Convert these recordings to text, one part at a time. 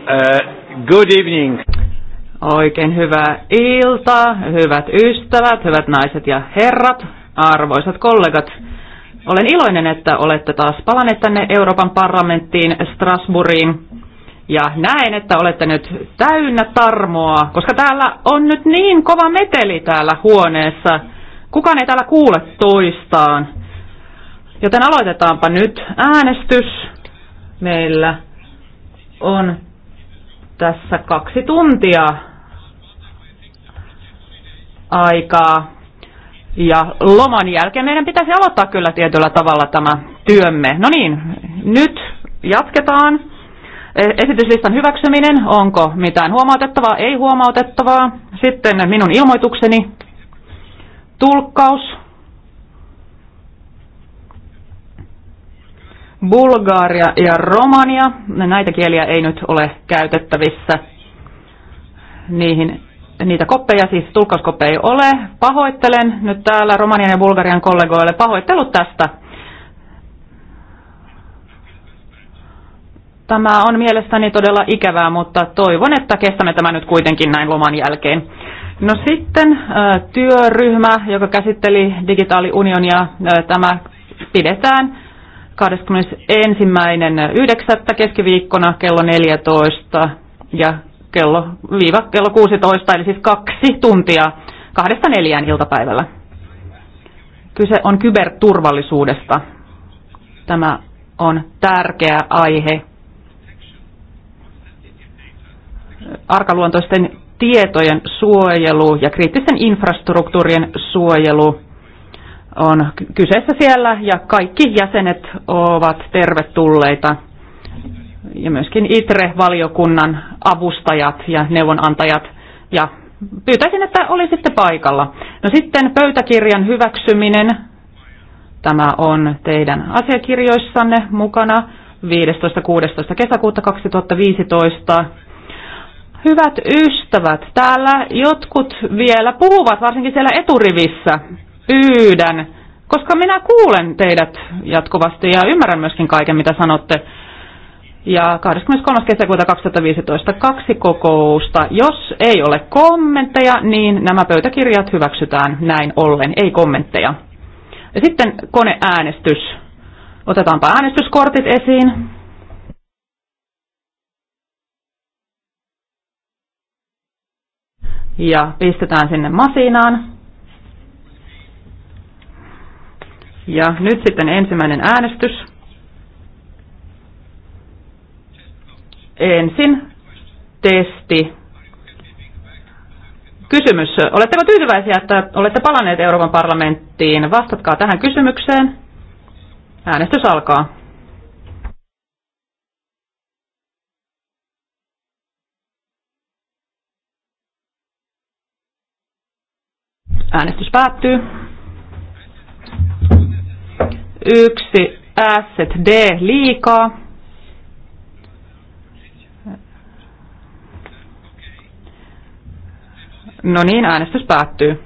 Uh, good evening. Oikein hyvää iltaa, hyvät ystävät, hyvät naiset ja herrat, arvoisat kollegat. Olen iloinen, että olette taas palanneet tänne Euroopan parlamenttiin Strasbourgiin. Ja näen, että olette nyt täynnä tarmoa, koska täällä on nyt niin kova meteli täällä huoneessa. Kukaan ei täällä kuule toistaan. Joten aloitetaanpa nyt äänestys. Meillä on tässä kaksi tuntia aikaa. Ja loman jälkeen meidän pitäisi aloittaa kyllä tietyllä tavalla tämä työmme. No niin, nyt jatketaan. E, esityslistan hyväksyminen, onko mitään huomautettavaa, ei huomautettavaa. Sitten minun ilmoitukseni, tulkkaus. Bulgaaria ja Romania. Näitä kieliä ei nyt ole käytettävissä. Niihin, niitä koppeja, siis tulkkauskoppeja ei ole. Pahoittelen nyt täällä Romanian ja Bulgarian kollegoille. Pahoittelut tästä. Tämä on mielestäni todella ikävää, mutta toivon, että kestämme tämän nyt kuitenkin näin loman jälkeen. No sitten työryhmä, joka käsitteli digitaaliunionia, tämä pidetään 21.9. keskiviikkona kello 14 ja kello, viiva, kello 16, eli siis kaksi tuntia kahdesta neljään iltapäivällä. Kyse on kyberturvallisuudesta. Tämä on tärkeä aihe. Arkaluontoisten tietojen suojelu ja kriittisten infrastruktuurien suojelu on kyseessä siellä ja kaikki jäsenet ovat tervetulleita ja myöskin ITRE-valiokunnan avustajat ja neuvonantajat ja pyytäisin, että olisitte paikalla. No sitten pöytäkirjan hyväksyminen. Tämä on teidän asiakirjoissanne mukana 15.16. kesäkuuta 2015. Hyvät ystävät, täällä jotkut vielä puhuvat, varsinkin siellä eturivissä pyydän, koska minä kuulen teidät jatkuvasti ja ymmärrän myöskin kaiken, mitä sanotte. Ja 23. kesäkuuta 2015 kaksi kokousta. Jos ei ole kommentteja, niin nämä pöytäkirjat hyväksytään näin ollen, ei kommentteja. Ja sitten koneäänestys. Otetaanpa äänestyskortit esiin. Ja pistetään sinne masinaan. Ja nyt sitten ensimmäinen äänestys. Ensin testi. Kysymys. Oletteko tyytyväisiä, että olette palanneet Euroopan parlamenttiin? Vastatkaa tähän kysymykseen. Äänestys alkaa. Äänestys päättyy yksi asset D liikaa. No niin, äänestys päättyy.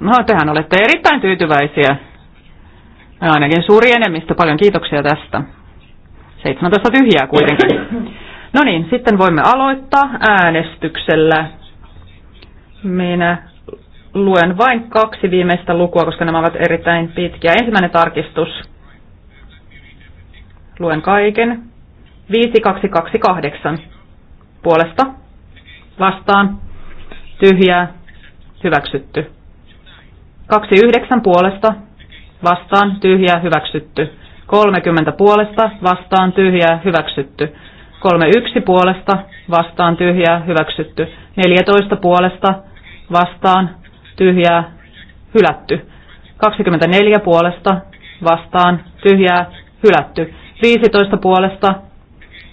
No, tehän olette erittäin tyytyväisiä. Ainakin suuri enemmistö. Paljon kiitoksia tästä. 17 tyhjää kuitenkin. No niin, sitten voimme aloittaa äänestyksellä. Minä luen vain kaksi viimeistä lukua, koska nämä ovat erittäin pitkiä. Ensimmäinen tarkistus. Luen kaiken. 5228. Puolesta. Vastaan. Tyhjää. Hyväksytty. 29 puolesta. Vastaan. Tyhjää. Hyväksytty. 30 puolesta. Vastaan. Tyhjää. Hyväksytty. 31 puolesta. Vastaan. Tyhjää. Hyväksytty. 14 puolesta. Vastaan tyhjää, hylätty. 24 puolesta, vastaan, tyhjää, hylätty. 15 puolesta,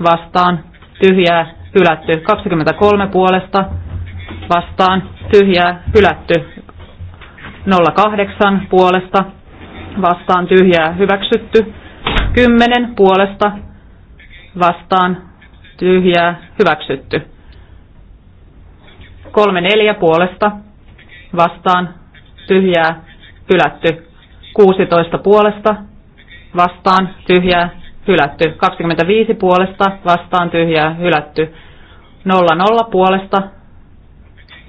vastaan, tyhjää, hylätty. 23 puolesta, vastaan, tyhjää, hylätty. 08 puolesta, vastaan, tyhjää, hyväksytty. 10 puolesta, vastaan, tyhjää, hyväksytty. 3-4 puolesta, vastaan, tyhjää, hylätty. 16 puolesta, vastaan, tyhjää, hylätty. 25 puolesta, vastaan, tyhjää, hylätty. 00 puolesta,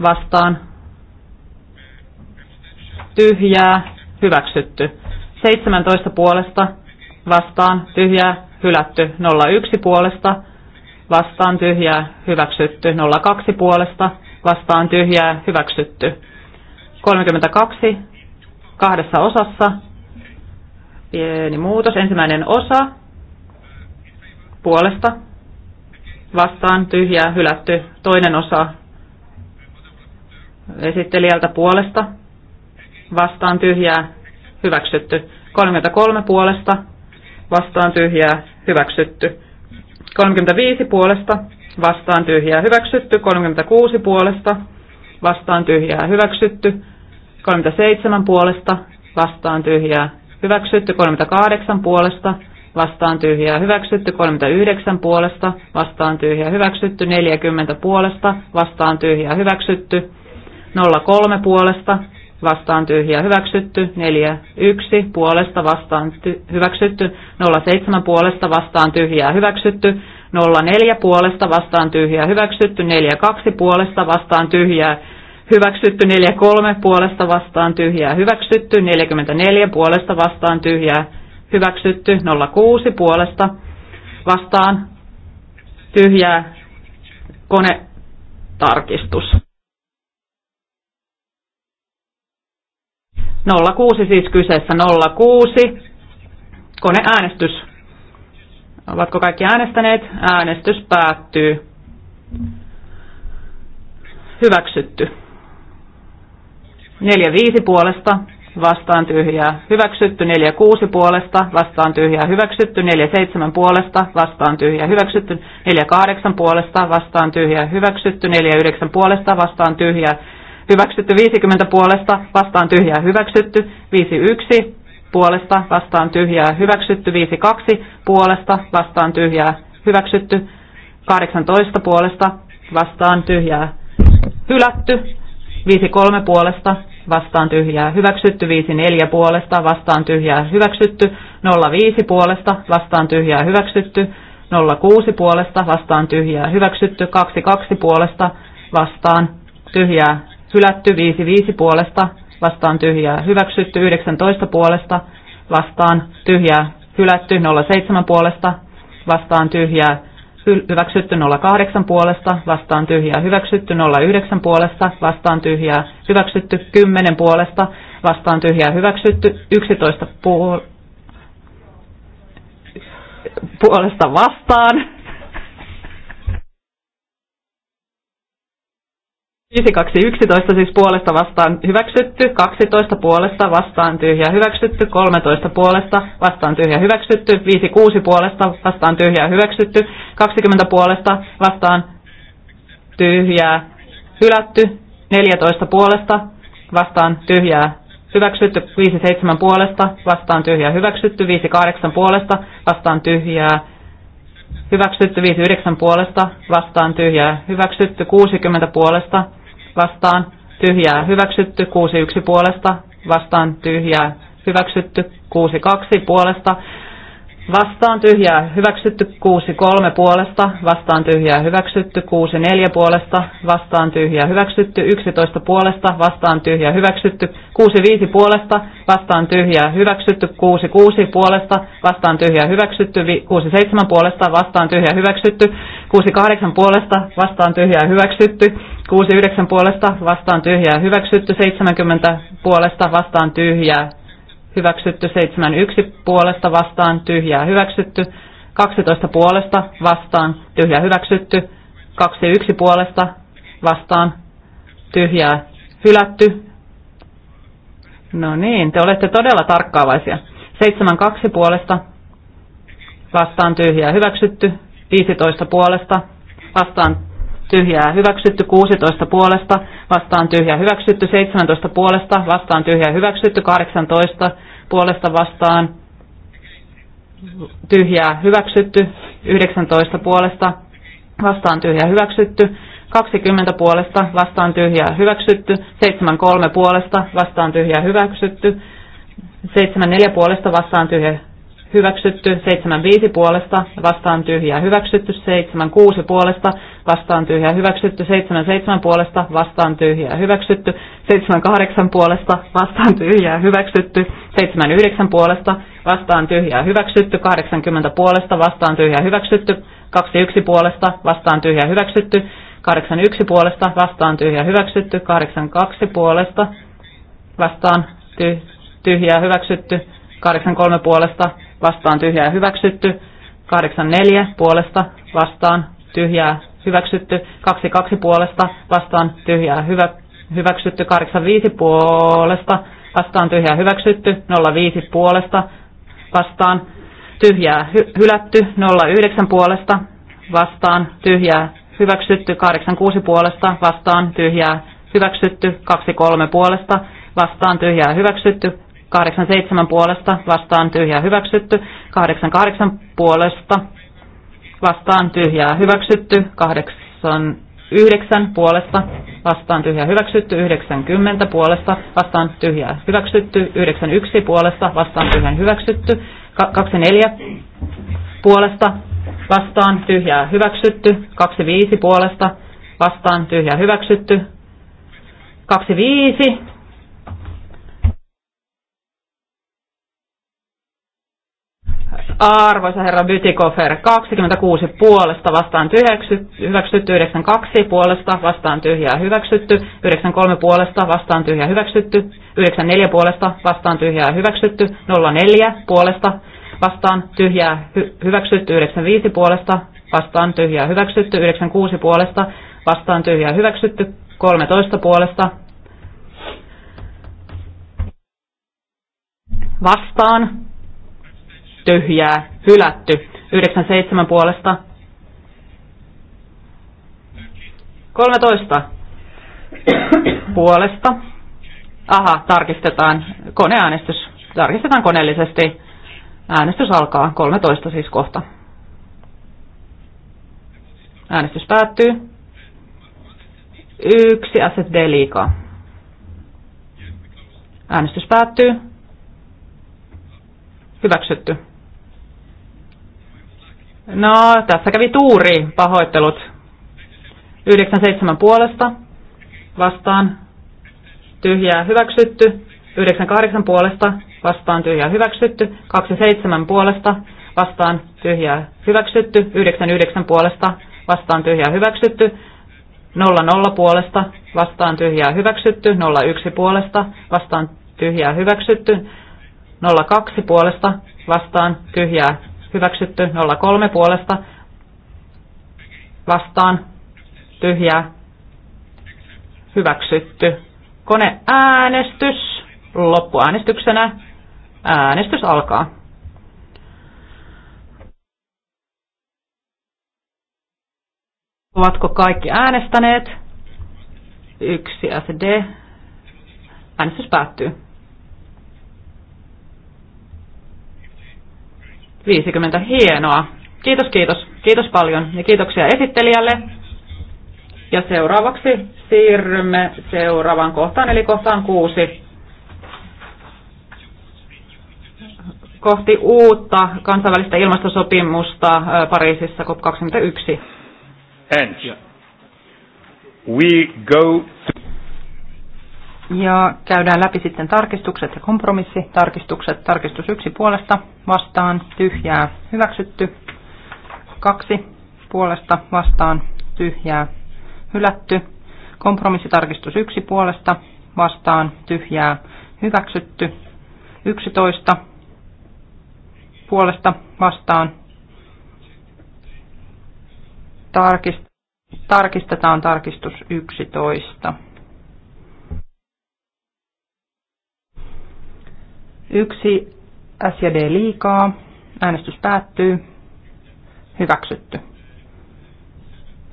vastaan, tyhjää, hyväksytty. 17 puolesta, vastaan, tyhjää, hylätty. 01 puolesta, vastaan, tyhjää, hyväksytty. 02 puolesta, vastaan, tyhjää, hyväksytty. 32 kahdessa osassa. Pieni muutos. Ensimmäinen osa puolesta vastaan tyhjää hylätty. Toinen osa esittelijältä puolesta vastaan tyhjää hyväksytty. 33 puolesta vastaan tyhjää hyväksytty. 35 puolesta vastaan tyhjää hyväksytty. 36 puolesta vastaan tyhjää hyväksytty. 37 puolesta vastaan tyhjää hyväksytty. 38 puolesta vastaan tyhjää hyväksytty. 39 puolesta vastaan tyhjää hyväksytty. 40 puolesta vastaan tyhjää hyväksytty. 03 puolesta vastaan tyhjää hyväksytty, 41 puolesta vastaan ty- hyväksytty, 07 puolesta vastaan tyhjää hyväksytty, 04 puolesta vastaan tyhjää hyväksytty, 42 puolesta vastaan tyhjää hyväksytty, 43 puolesta vastaan tyhjää hyväksytty, 44 puolesta vastaan tyhjää hyväksytty, 06 puolesta vastaan tyhjää konetarkistus. 06 siis kyseessä 06. Koneäänestys. Ovatko kaikki äänestäneet? Äänestys päättyy. Hyväksytty. 4-5 puolesta, vastaan tyhjää, hyväksytty. 4-6 puolesta, vastaan tyhjää, hyväksytty. 4-7 puolesta, vastaan tyhjää, hyväksytty. 4-8 puolesta, vastaan tyhjää, hyväksytty. 4-9 puolesta, vastaan tyhjää, hyväksytty. 50 puolesta, vastaan tyhjää, hyväksytty. 51 puolesta vastaan tyhjää hyväksytty, 5-2 puolesta vastaan tyhjää hyväksytty, 18 puolesta vastaan tyhjää hylätty, 5-3 puolesta vastaan tyhjää hyväksytty, 5-4 puolesta vastaan tyhjää hyväksytty, 0-5 puolesta vastaan tyhjää hyväksytty, 0-6 puolesta vastaan tyhjää hyväksytty, 2-2 puolesta vastaan tyhjää hylätty, 5-5 puolesta vastaan tyhjää hyväksytty, 19 puolesta vastaan tyhjää hylätty, 07 puolesta vastaan tyhjää hyväksytty 08 puolesta, vastaan tyhjää hyväksytty 09 puolesta, vastaan tyhjää hyväksytty 10 puolesta, vastaan tyhjää hyväksytty 11 puolesta vastaan, 5.2.11 siis puolesta vastaan hyväksytty, 12 puolesta vastaan tyhjä hyväksytty, 13 puolesta vastaan tyhjä hyväksytty, 5.6 puolesta vastaan tyhjä hyväksytty, 20 puolesta vastaan tyhjää hylätty, 14 puolesta vastaan tyhjää hyväksytty, 5.7 puolesta vastaan tyhjää hyväksytty, 5.8 puolesta vastaan tyhjää hyväksytty, 5.9 puolesta vastaan tyhjää hyväksytty, 60 puolesta vastaan tyhjää hyväksytty, 6-1 puolesta vastaan tyhjää hyväksytty, 6-2 puolesta vastaan tyhjää hyväksytty, 6-3 puolesta vastaan tyhjää hyväksytty, 6-4 puolesta vastaan tyhjää hyväksytty, 11 puolesta vastaan tyhjää hyväksytty, 6-5 puolesta vastaan tyhjää hyväksytty, 6-6 puolesta vastaan tyhjää hyväksytty, 6-7 puolesta vastaan tyhjää hyväksytty, 68 puolesta vastaan tyhjää hyväksytty, 69 puolesta vastaan tyhjää hyväksytty, 70 puolesta vastaan tyhjää hyväksytty, 71 puolesta vastaan tyhjää hyväksytty, 12 puolesta vastaan tyhjää hyväksytty, 21 puolesta vastaan tyhjää hylätty. No niin, te olette todella tarkkaavaisia. 72 puolesta vastaan tyhjää hyväksytty, 15 puolesta, vastaan tyhjää hyväksytty 16 puolesta, vastaan tyhjää hyväksytty 17 puolesta, vastaan tyhjää hyväksytty 18 puolesta vastaan tyhjää hyväksytty 19 puolesta, vastaan tyhjää hyväksytty 20 puolesta, vastaan tyhjää hyväksytty 73 puolesta, vastaan tyhjää hyväksytty 74 puolesta vastaan tyhjää hyväksytty, 7.5 puolesta, vastaan tyhjää hyväksytty, 7.6 puolesta, vastaan tyhjää hyväksytty, 7.7 puolesta, vastaan tyhjää hyväksytty, 7.8 puolesta, vastaan tyhjää hyväksytty, 7.9 puolesta, vastaan tyhjää hyväksytty, 80 puolesta, vastaan tyhjää hyväksytty, 21 puolesta, vastaan tyhjää hyväksytty, 81 puolesta, vastaan tyhjää hyväksytty, 82 puolesta, vastaan tyhjää hyväksytty, 83 puolesta, vastaan tyhjää hyväksytty, 84 puolesta vastaan tyhjää hyväksytty, 22 puolesta vastaan tyhjää hyvä, hyväksytty, 85 puolesta vastaan tyhjää hyväksytty, 05 puolesta vastaan tyhjää hy, hylätty, 09 puolesta vastaan tyhjää hyväksytty, 86 puolesta vastaan tyhjää hyväksytty, 23 puolesta vastaan tyhjää hyväksytty, 87 puolesta vastaan tyhjää hyväksytty. 88 puolesta vastaan tyhjää hyväksytty. 89 puolesta vastaan tyhjää hyväksytty. 90 puolesta vastaan tyhjää hyväksytty. 91 puolesta vastaan tyhjää hyväksytty. 24 puolesta vastaan tyhjää hyväksytty. 25 puolesta vastaan tyhjää hyväksytty. 25 Arvoisa herra Bytikofer, 26 puolesta vastaan tyhjäksy, hyväksytty, 92 puolesta vastaan tyhjää hyväksytty, 93 puolesta vastaan tyhjää hyväksytty, 94 puolesta vastaan tyhjää hyväksytty, 04 puolesta vastaan tyhjää hy- hyväksytty, 95 puolesta vastaan tyhjää hyväksytty, 96 puolesta vastaan tyhjää hyväksytty, 13 puolesta vastaan tyhjää, hylätty. 97 puolesta. 13 puolesta. Aha, tarkistetaan koneäänestys. Tarkistetaan koneellisesti. Äänestys alkaa 13 siis kohta. Äänestys päättyy. Yksi SSD liikaa. Äänestys päättyy. Hyväksytty. No, tässä kävi tuuri pahoittelut. 97 puolesta vastaan tyhjää hyväksytty. 98 puolesta vastaan tyhjää hyväksytty. 27 puolesta vastaan tyhjää hyväksytty. 99 puolesta vastaan tyhjää hyväksytty. 00 puolesta vastaan tyhjää hyväksytty. 01 puolesta vastaan tyhjää hyväksytty. 02 puolesta vastaan tyhjää hyväksytty 03 puolesta vastaan tyhjää hyväksytty. Koneäänestys loppuäänestyksenä. Äänestys alkaa. Ovatko kaikki äänestäneet? Yksi SD. Äänestys päättyy. 50. Hienoa. Kiitos, kiitos. Kiitos paljon ja kiitoksia esittelijälle. Ja seuraavaksi siirrymme seuraavaan kohtaan, eli kohtaan kuusi. Kohti uutta kansainvälistä ilmastosopimusta Pariisissa COP21. And we go to ja käydään läpi sitten tarkistukset ja kompromissi tarkistukset Tarkistus yksi puolesta vastaan tyhjää hyväksytty. Kaksi puolesta vastaan tyhjää hylätty. Kompromissitarkistus yksi puolesta vastaan tyhjää hyväksytty. Yksitoista puolesta vastaan tarkistetaan tarkistus yksitoista. Yksi S ja D liikaa. Äänestys päättyy. Hyväksytty.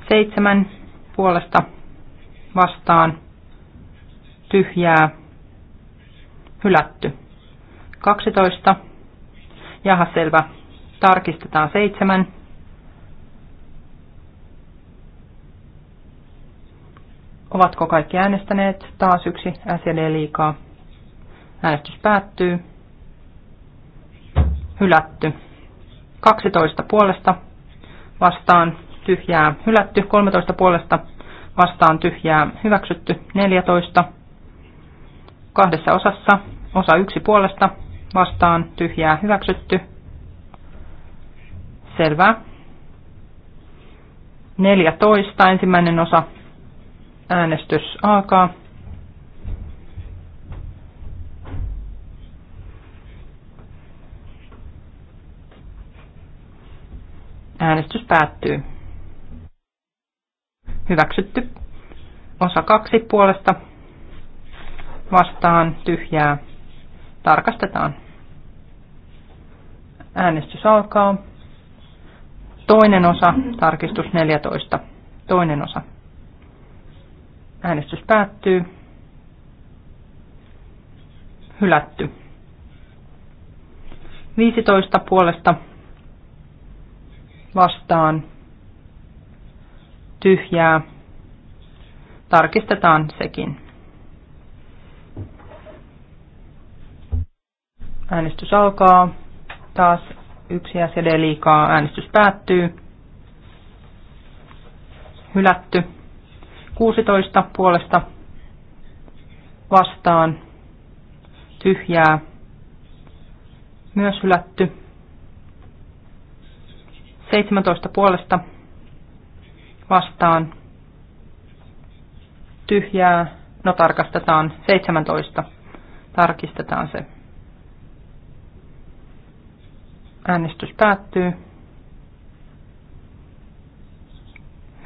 Seitsemän puolesta vastaan. Tyhjää. Hylätty. 12. Jaha, selvä. Tarkistetaan seitsemän. Ovatko kaikki äänestäneet? Taas yksi D liikaa. Äänestys päättyy. Hylätty. 12 puolesta vastaan tyhjää hylätty. 13 puolesta vastaan tyhjää hyväksytty. 14 kahdessa osassa. Osa yksi puolesta vastaan tyhjää hyväksytty. Selvä. 14 ensimmäinen osa. Äänestys alkaa. Äänestys päättyy. Hyväksytty. Osa kaksi puolesta. Vastaan tyhjää. Tarkastetaan. Äänestys alkaa. Toinen osa, tarkistus 14. Toinen osa. Äänestys päättyy. Hylätty. 15 puolesta vastaan tyhjää. Tarkistetaan sekin. Äänestys alkaa. Taas yksi SED liikaa. Äänestys päättyy. Hylätty. 16 puolesta vastaan. Tyhjää. Myös hylätty. 17 puolesta vastaan tyhjää. No tarkastetaan 17. Tarkistetaan se. Äänestys päättyy.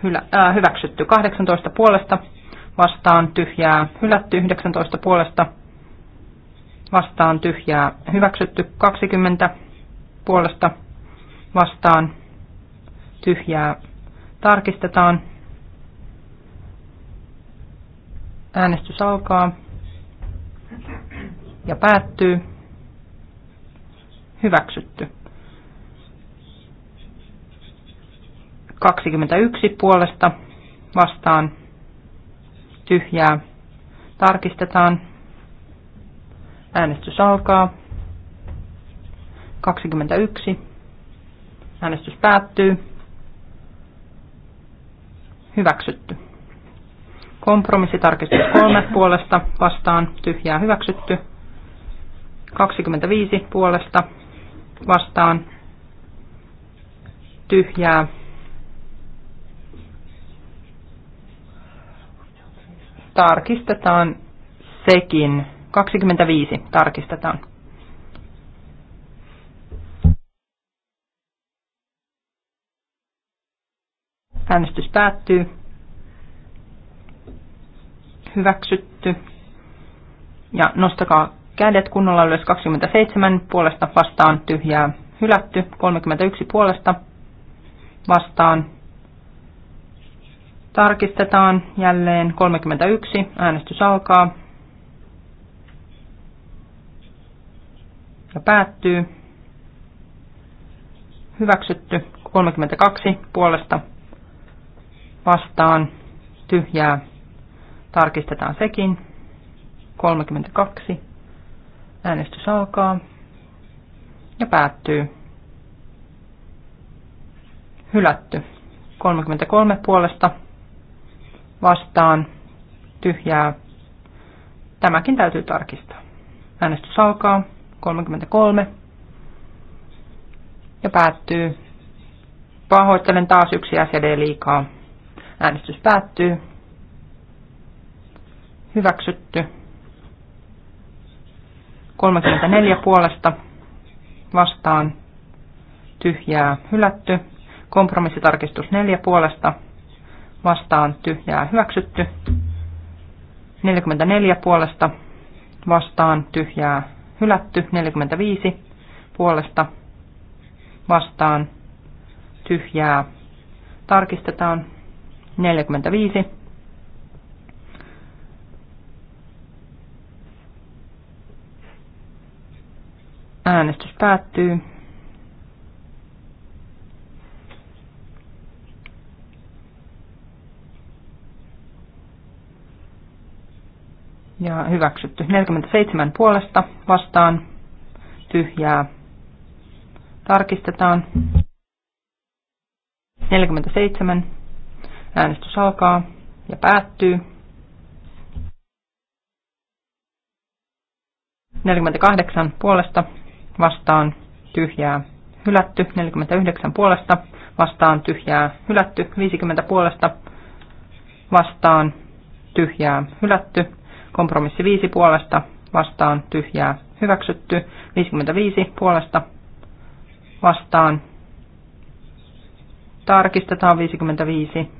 Hylä, äh, hyväksytty 18 puolesta vastaan tyhjää, hylätty 19 puolesta vastaan tyhjää, hyväksytty 20 puolesta vastaan tyhjää tarkistetaan. Äänestys alkaa ja päättyy. Hyväksytty. 21 puolesta vastaan tyhjää tarkistetaan. Äänestys alkaa. 21. Äänestys päättyy hyväksytty. Kompromissitarkistus kolme puolesta vastaan tyhjää hyväksytty. 25 puolesta vastaan tyhjää tarkistetaan sekin. 25 tarkistetaan. Äänestys päättyy. Hyväksytty. Ja nostakaa kädet kunnolla ylös 27 puolesta vastaan tyhjää hylätty. 31 puolesta vastaan tarkistetaan jälleen 31. Äänestys alkaa. Ja päättyy. Hyväksytty 32 puolesta vastaan tyhjää. Tarkistetaan sekin. 32. Äänestys alkaa ja päättyy. Hylätty. 33 puolesta vastaan tyhjää. Tämäkin täytyy tarkistaa. Äänestys alkaa 33 ja päättyy. Pahoittelen taas yksi SED liikaa. Äänestys päättyy. Hyväksytty. 34 puolesta vastaan tyhjää hylätty. Kompromissitarkistus 4 puolesta vastaan tyhjää hyväksytty. 44 puolesta vastaan tyhjää hylätty. 45 puolesta vastaan tyhjää tarkistetaan 45. Äänestys päättyy. Ja hyväksytty. 47 puolesta vastaan. Tyhjää. Tarkistetaan. 47. Äänestys alkaa ja päättyy. 48 puolesta vastaan tyhjää hylätty, 49 puolesta vastaan tyhjää hylätty, 50 puolesta vastaan tyhjää hylätty, kompromissi 5 puolesta vastaan tyhjää hyväksytty, 55 puolesta vastaan tarkistetaan 55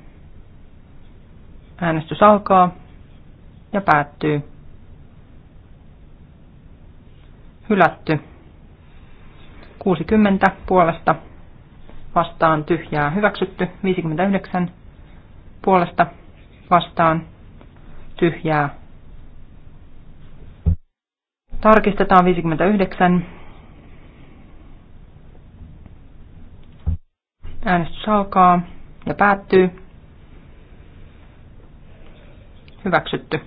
Äänestys alkaa ja päättyy. Hylätty. 60 puolesta vastaan tyhjää hyväksytty. 59 puolesta vastaan tyhjää. Tarkistetaan 59. Äänestys alkaa ja päättyy. Hyväksytty.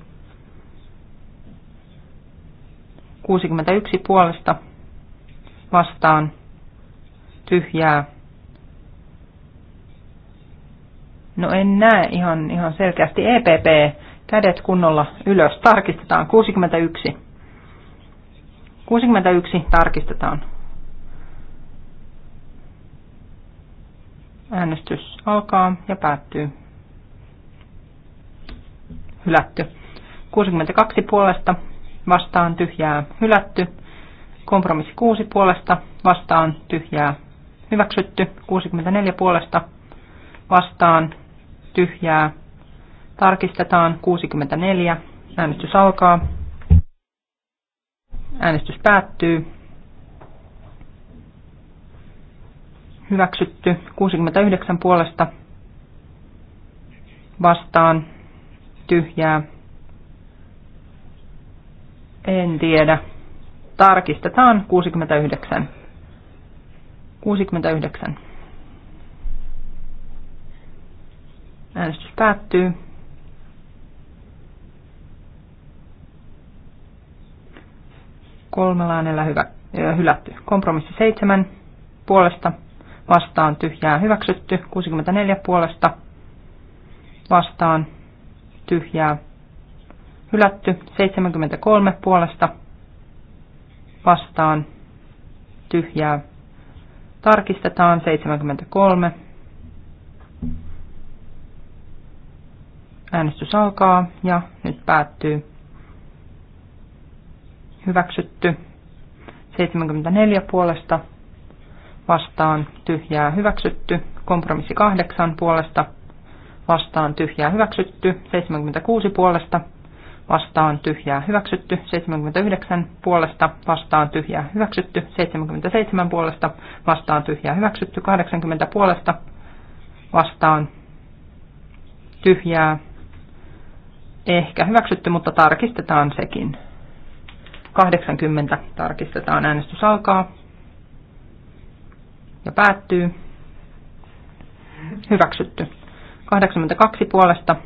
61 puolesta vastaan tyhjää. No en näe ihan, ihan selkeästi EPP. Kädet kunnolla ylös. Tarkistetaan. 61. 61 tarkistetaan. Äänestys alkaa ja päättyy hylätty. 62 puolesta vastaan tyhjää hylätty. Kompromissi 6 puolesta vastaan tyhjää hyväksytty. 64 puolesta vastaan tyhjää tarkistetaan 64. Äänestys alkaa. Äänestys päättyy. Hyväksytty 69 puolesta vastaan tyhjää. En tiedä. Tarkistetaan 69. 69. Äänestys päättyy. Kolmella äänellä hyvä, hylätty. Kompromissi 7 puolesta. Vastaan tyhjää hyväksytty. 64 puolesta. Vastaan tyhjää hylätty. 73 puolesta vastaan tyhjää tarkistetaan. 73 Äänestys alkaa ja nyt päättyy. Hyväksytty. 74 puolesta vastaan tyhjää hyväksytty. Kompromissi 8 puolesta vastaan tyhjää hyväksytty, 76 puolesta vastaan tyhjää hyväksytty, 79 puolesta vastaan tyhjää hyväksytty, 77 puolesta vastaan tyhjää hyväksytty, 80 puolesta vastaan tyhjää ehkä hyväksytty, mutta tarkistetaan sekin. 80 tarkistetaan, äänestys alkaa ja päättyy. Hyväksytty. 82 puolesta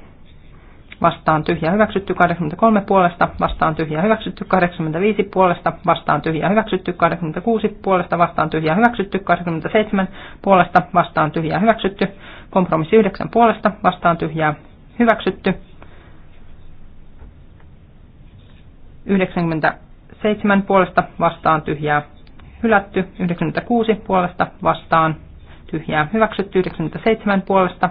vastaan tyhjä hyväksytty 83 puolesta, vastaan tyhjä hyväksytty 85 puolesta, vastaan tyhjä hyväksytty 86 puolesta, vastaan tyhjä hyväksytty 87 puolesta, vastaan tyhjä hyväksytty, kompromissi 9 puolesta, vastaan tyhjää hyväksytty 97 puolesta, vastaan tyhjää hylätty 96 puolesta, vastaan tyhjää hyväksytty 97 puolesta,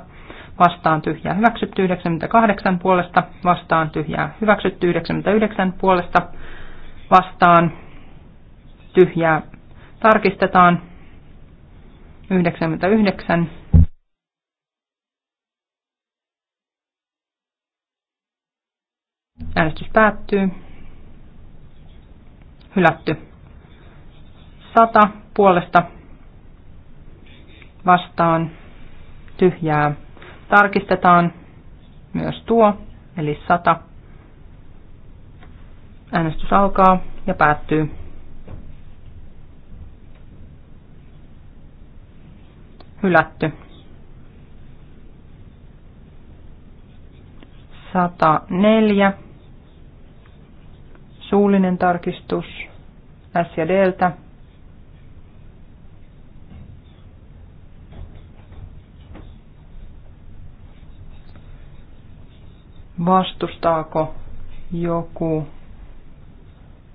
vastaan tyhjää hyväksytty 98 puolesta, vastaan tyhjää hyväksytty 99 puolesta, vastaan tyhjää tarkistetaan 99 Äänestys päättyy. Hylätty. 100 puolesta vastaan tyhjää Tarkistetaan myös tuo, eli 100. Äänestys alkaa ja päättyy. Hylätty. 104. Suullinen tarkistus S ja Dltä. Vastustaako joku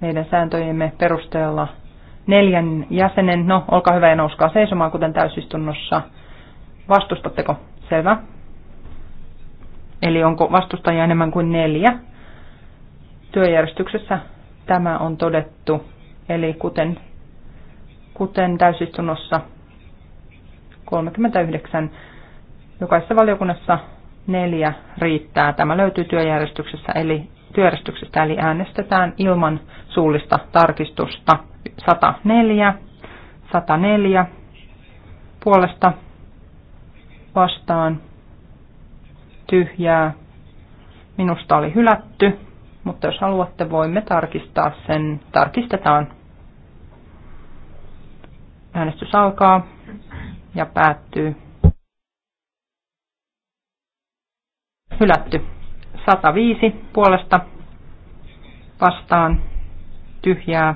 meidän sääntöjemme perusteella neljän jäsenen? No, olkaa hyvä ja nouskaa seisomaan, kuten täysistunnossa. Vastustatteko? Selvä. Eli onko vastustajia enemmän kuin neljä? Työjärjestyksessä tämä on todettu. Eli kuten, kuten täysistunnossa 39 jokaisessa valiokunnassa neljä riittää. Tämä löytyy työjärjestyksessä, eli työjärjestyksestä, eli äänestetään ilman suullista tarkistusta 104, 104 puolesta vastaan tyhjää. Minusta oli hylätty, mutta jos haluatte, voimme tarkistaa sen. Tarkistetaan. Äänestys alkaa ja päättyy. hylätty. 105 puolesta vastaan tyhjää.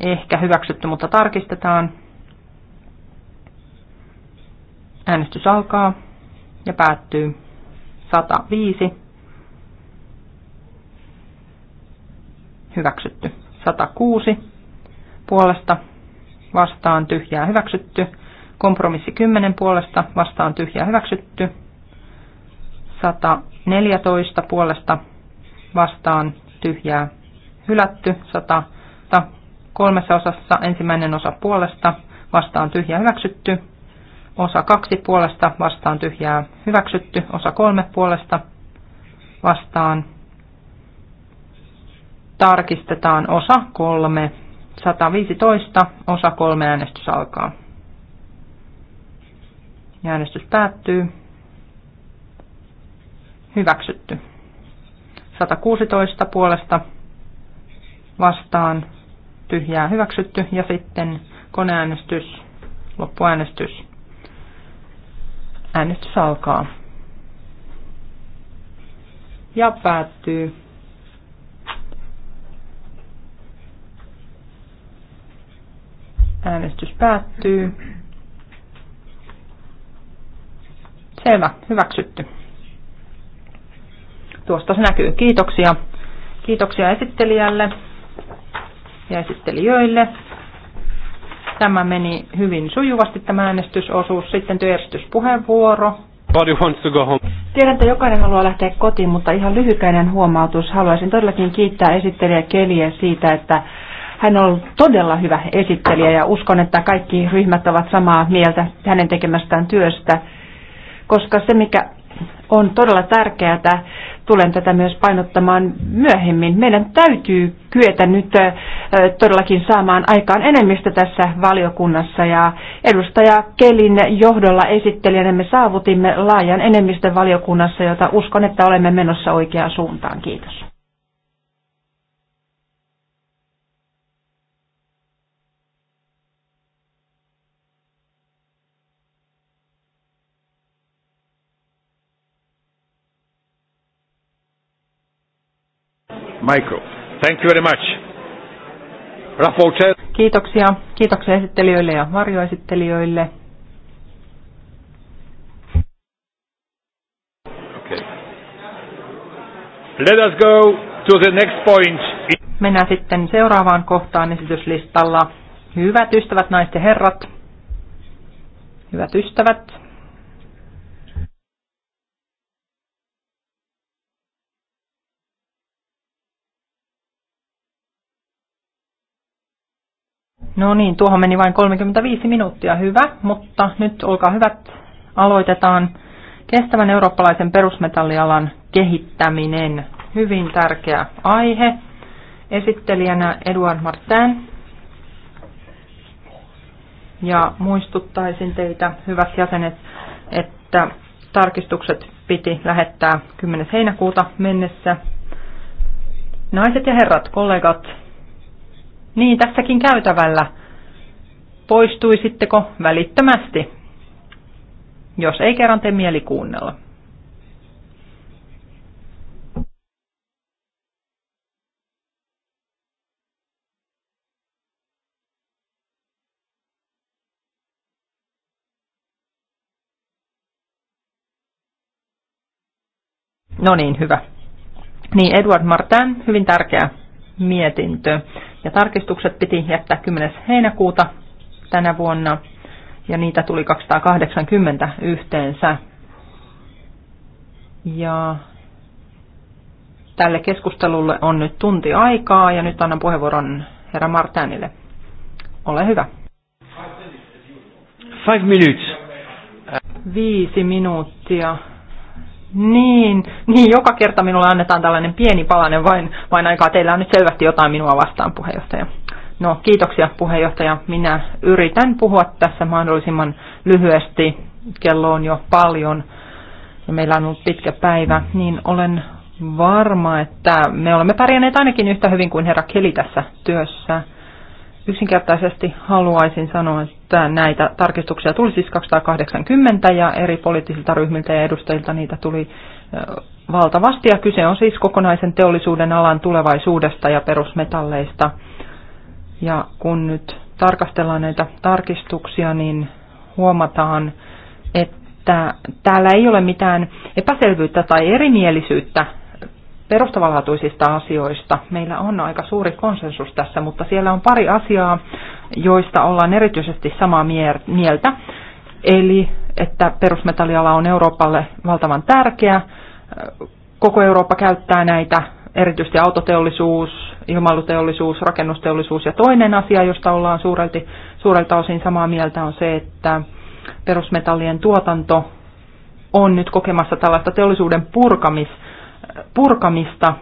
Ehkä hyväksytty, mutta tarkistetaan. Äänestys alkaa ja päättyy 105. Hyväksytty. 106 puolesta vastaan tyhjää hyväksytty. Kompromissi 10 puolesta vastaan tyhjää hyväksytty. 114 puolesta vastaan tyhjää hylätty. 103 osassa ensimmäinen osa puolesta vastaan tyhjää hyväksytty. Osa 2 puolesta vastaan tyhjää hyväksytty. Osa 3 puolesta vastaan tarkistetaan osa 3. 115, osa 3 äänestys alkaa. äänestys päättyy. Hyväksytty. 116 puolesta vastaan tyhjää hyväksytty ja sitten koneäänestys, loppuäänestys. Äänestys alkaa. Ja päättyy. Äänestys päättyy. Selvä, hyväksytty tuosta se näkyy. Kiitoksia. Kiitoksia esittelijälle ja esittelijöille. Tämä meni hyvin sujuvasti tämä äänestysosuus. Sitten työjärjestyspuheenvuoro. wants to go home. Tiedän, että jokainen haluaa lähteä kotiin, mutta ihan lyhykäinen huomautus. Haluaisin todellakin kiittää esittelijä Keliä siitä, että hän on ollut todella hyvä esittelijä ja uskon, että kaikki ryhmät ovat samaa mieltä hänen tekemästään työstä, koska se mikä on todella tärkeää tulen tätä myös painottamaan myöhemmin. Meidän täytyy kyetä nyt todellakin saamaan aikaan enemmistö tässä valiokunnassa ja edustaja Kelin johdolla esittelijänä me saavutimme laajan enemmistön valiokunnassa, jota uskon, että olemme menossa oikeaan suuntaan. Kiitos. Thank you very much. Kiitoksia. Kiitoksia esittelijöille ja varjoesittelijöille. Okay. Let us go to the next point. Mennään sitten seuraavaan kohtaan esityslistalla. Hyvät ystävät, naiset ja herrat. Hyvät ystävät, No niin, tuohon meni vain 35 minuuttia, hyvä, mutta nyt olkaa hyvät, aloitetaan kestävän eurooppalaisen perusmetallialan kehittäminen. Hyvin tärkeä aihe. Esittelijänä Eduard Martin. Ja muistuttaisin teitä, hyvät jäsenet, että tarkistukset piti lähettää 10. heinäkuuta mennessä. Naiset ja herrat, kollegat, niin, tässäkin käytävällä. Poistuisitteko välittömästi, jos ei kerran tee mieli kuunnella? No niin, hyvä. Niin, Edward Martin, hyvin tärkeä mietintö. Ja tarkistukset piti jättää 10. heinäkuuta tänä vuonna ja niitä tuli 280 yhteensä. Ja tälle keskustelulle on nyt tunti aikaa ja nyt annan puheenvuoron herra Martänille. Ole hyvä. Five minutes. Viisi minuuttia. Niin, niin joka kerta minulle annetaan tällainen pieni palanen vain, vain aikaa. Teillä on nyt selvästi jotain minua vastaan, puheenjohtaja. No, kiitoksia puheenjohtaja. Minä yritän puhua tässä mahdollisimman lyhyesti. Kello on jo paljon ja meillä on ollut pitkä päivä, niin olen varma, että me olemme pärjänneet ainakin yhtä hyvin kuin herra Keli tässä työssä yksinkertaisesti haluaisin sanoa, että näitä tarkistuksia tuli siis 280 ja eri poliittisilta ryhmiltä ja edustajilta niitä tuli valtavasti. Ja kyse on siis kokonaisen teollisuuden alan tulevaisuudesta ja perusmetalleista. Ja kun nyt tarkastellaan näitä tarkistuksia, niin huomataan, että täällä ei ole mitään epäselvyyttä tai erimielisyyttä perustavanlaatuisista asioista. Meillä on aika suuri konsensus tässä, mutta siellä on pari asiaa, joista ollaan erityisesti samaa mieltä. Eli että perusmetalliala on Euroopalle valtavan tärkeä. Koko Eurooppa käyttää näitä, erityisesti autoteollisuus, ilmailuteollisuus, rakennusteollisuus. Ja toinen asia, josta ollaan suurelti, suurelta osin samaa mieltä, on se, että perusmetallien tuotanto on nyt kokemassa tällaista teollisuuden purkamis- purkamista,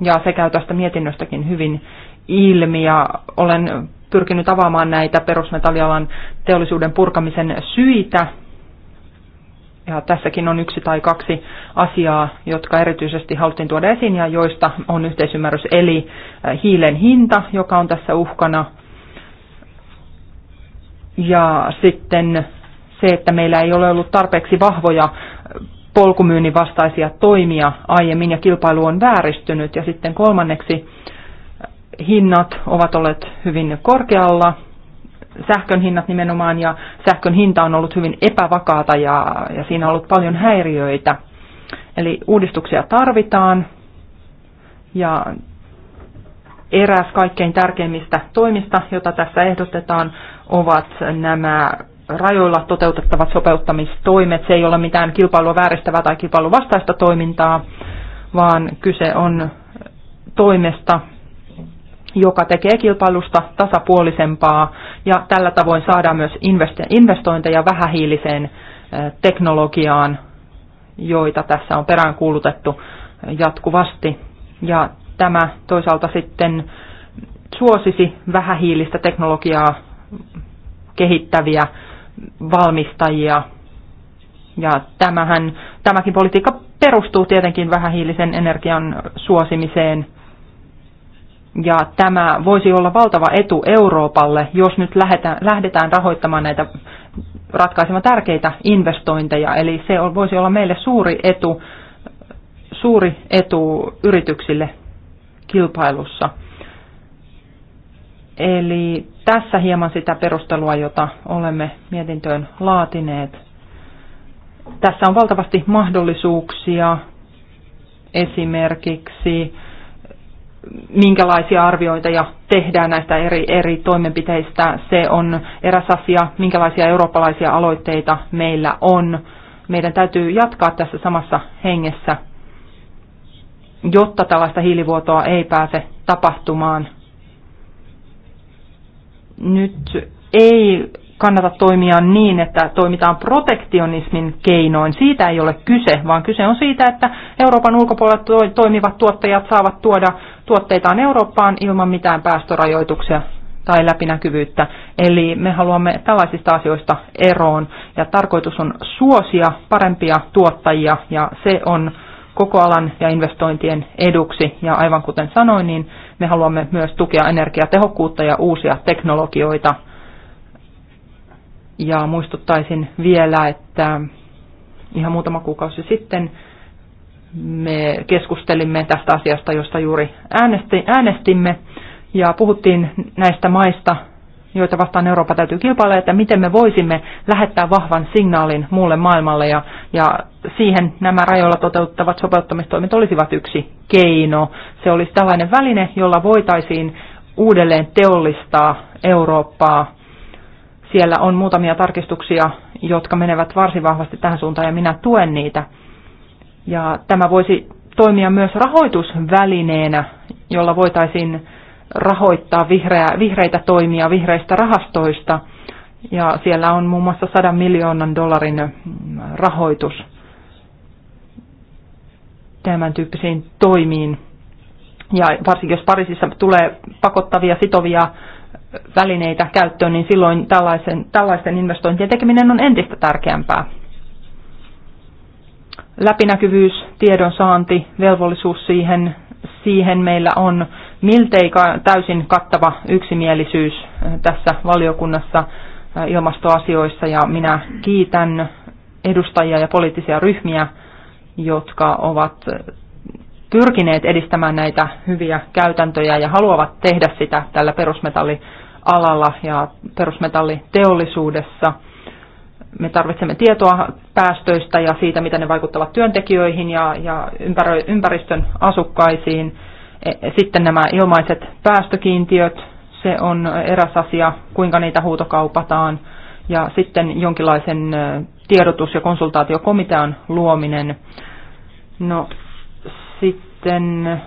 ja se käy tästä mietinnöstäkin hyvin ilmi, ja olen pyrkinyt avaamaan näitä perusmetallialan teollisuuden purkamisen syitä, ja tässäkin on yksi tai kaksi asiaa, jotka erityisesti haluttiin tuoda esiin ja joista on yhteisymmärrys. Eli äh, hiilen hinta, joka on tässä uhkana. Ja sitten se, että meillä ei ole ollut tarpeeksi vahvoja polkumyynnin vastaisia toimia aiemmin ja kilpailu on vääristynyt. Ja sitten kolmanneksi hinnat ovat olleet hyvin korkealla, sähkön hinnat nimenomaan, ja sähkön hinta on ollut hyvin epävakaata ja, ja siinä on ollut paljon häiriöitä. Eli uudistuksia tarvitaan ja eräs kaikkein tärkeimmistä toimista, jota tässä ehdotetaan, ovat nämä rajoilla toteutettavat sopeuttamistoimet. Se ei ole mitään kilpailua vääristävää tai kilpailun vastaista toimintaa, vaan kyse on toimesta, joka tekee kilpailusta tasapuolisempaa ja tällä tavoin saadaan myös investointeja vähähiiliseen teknologiaan, joita tässä on peräänkuulutettu jatkuvasti. Ja tämä toisaalta sitten suosisi vähähiilistä teknologiaa kehittäviä valmistajia. Ja tämähän, tämäkin politiikka perustuu tietenkin vähähiilisen energian suosimiseen. Ja tämä voisi olla valtava etu Euroopalle, jos nyt lähdetään, lähdetään rahoittamaan näitä ratkaisemaan tärkeitä investointeja. Eli se voisi olla meille suuri etu, suuri etu yrityksille kilpailussa. Eli tässä hieman sitä perustelua, jota olemme mietintöön laatineet. Tässä on valtavasti mahdollisuuksia esimerkiksi, minkälaisia arvioita ja tehdään näistä eri, eri toimenpiteistä. Se on eräs asia, minkälaisia eurooppalaisia aloitteita meillä on. Meidän täytyy jatkaa tässä samassa hengessä, jotta tällaista hiilivuotoa ei pääse tapahtumaan nyt ei kannata toimia niin, että toimitaan protektionismin keinoin. Siitä ei ole kyse, vaan kyse on siitä, että Euroopan ulkopuolella toimivat tuottajat saavat tuoda tuotteitaan Eurooppaan ilman mitään päästörajoituksia tai läpinäkyvyyttä. Eli me haluamme tällaisista asioista eroon ja tarkoitus on suosia parempia tuottajia ja se on koko alan ja investointien eduksi. Ja aivan kuten sanoin, niin me haluamme myös tukea energiatehokkuutta ja uusia teknologioita. Ja muistuttaisin vielä, että ihan muutama kuukausi sitten me keskustelimme tästä asiasta, josta juuri äänestimme, ja puhuttiin näistä maista, joita vastaan Eurooppa täytyy kilpailla, että miten me voisimme lähettää vahvan signaalin muulle maailmalle ja, ja siihen nämä rajoilla toteuttavat sopeuttamistoimet olisivat yksi keino. Se olisi tällainen väline, jolla voitaisiin uudelleen teollistaa Eurooppaa. Siellä on muutamia tarkistuksia, jotka menevät varsin vahvasti tähän suuntaan ja minä tuen niitä. Ja tämä voisi toimia myös rahoitusvälineenä, jolla voitaisiin rahoittaa vihreä, vihreitä toimia vihreistä rahastoista. Ja siellä on muun muassa 100 miljoonan dollarin mm, rahoitus tämän tyyppisiin toimiin. Ja varsinkin jos Pariisissa tulee pakottavia, sitovia välineitä käyttöön, niin silloin tällaisen, tällaisten investointien tekeminen on entistä tärkeämpää. Läpinäkyvyys, tiedonsaanti, velvollisuus siihen, Siihen meillä on miltei täysin kattava yksimielisyys äh, tässä valiokunnassa äh, ilmastoasioissa ja minä kiitän edustajia ja poliittisia ryhmiä, jotka ovat äh, pyrkineet edistämään näitä hyviä käytäntöjä ja haluavat tehdä sitä tällä perusmetallialalla ja perusmetalliteollisuudessa – me tarvitsemme tietoa päästöistä ja siitä, miten ne vaikuttavat työntekijöihin ja, ja ympärö, ympäristön asukkaisiin. E, sitten nämä ilmaiset päästökiintiöt, se on eräs asia, kuinka niitä huutokaupataan. Ja sitten jonkinlaisen tiedotus- ja konsultaatiokomitean luominen. No sitten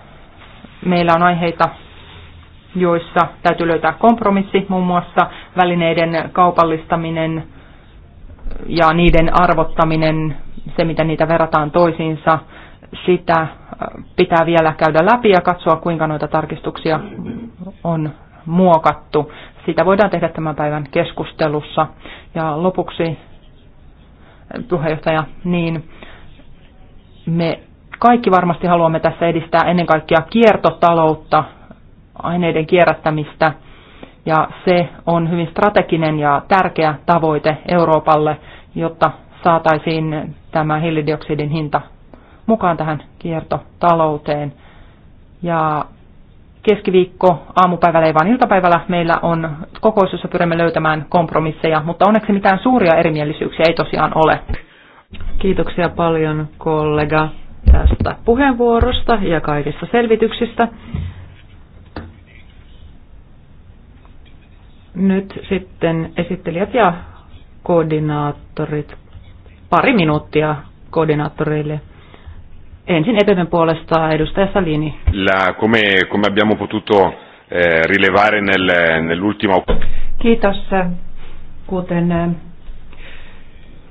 meillä on aiheita, joissa täytyy löytää kompromissi, muun muassa välineiden kaupallistaminen – ja niiden arvottaminen, se miten niitä verrataan toisiinsa, sitä äh, pitää vielä käydä läpi ja katsoa, kuinka noita tarkistuksia on muokattu. Sitä voidaan tehdä tämän päivän keskustelussa. Ja lopuksi, puheenjohtaja, niin me kaikki varmasti haluamme tässä edistää ennen kaikkea kiertotaloutta, aineiden kierrättämistä – ja se on hyvin strateginen ja tärkeä tavoite Euroopalle, jotta saataisiin tämä hiilidioksidin hinta mukaan tähän kiertotalouteen. Ja keskiviikko aamupäivällä ei vaan iltapäivällä meillä on kokous, jossa pyrimme löytämään kompromisseja, mutta onneksi mitään suuria erimielisyyksiä ei tosiaan ole. Kiitoksia paljon kollega tästä puheenvuorosta ja kaikista selvityksistä. Nyt sitten esittelijät ja koordinaattorit. Pari minuuttia koordinaattoreille. Ensin EPPn puolesta edustaja Salini. La, come, come abbiamo potuto eh, rilevare nel, nell'ultima. Kiitos. Kuten eh,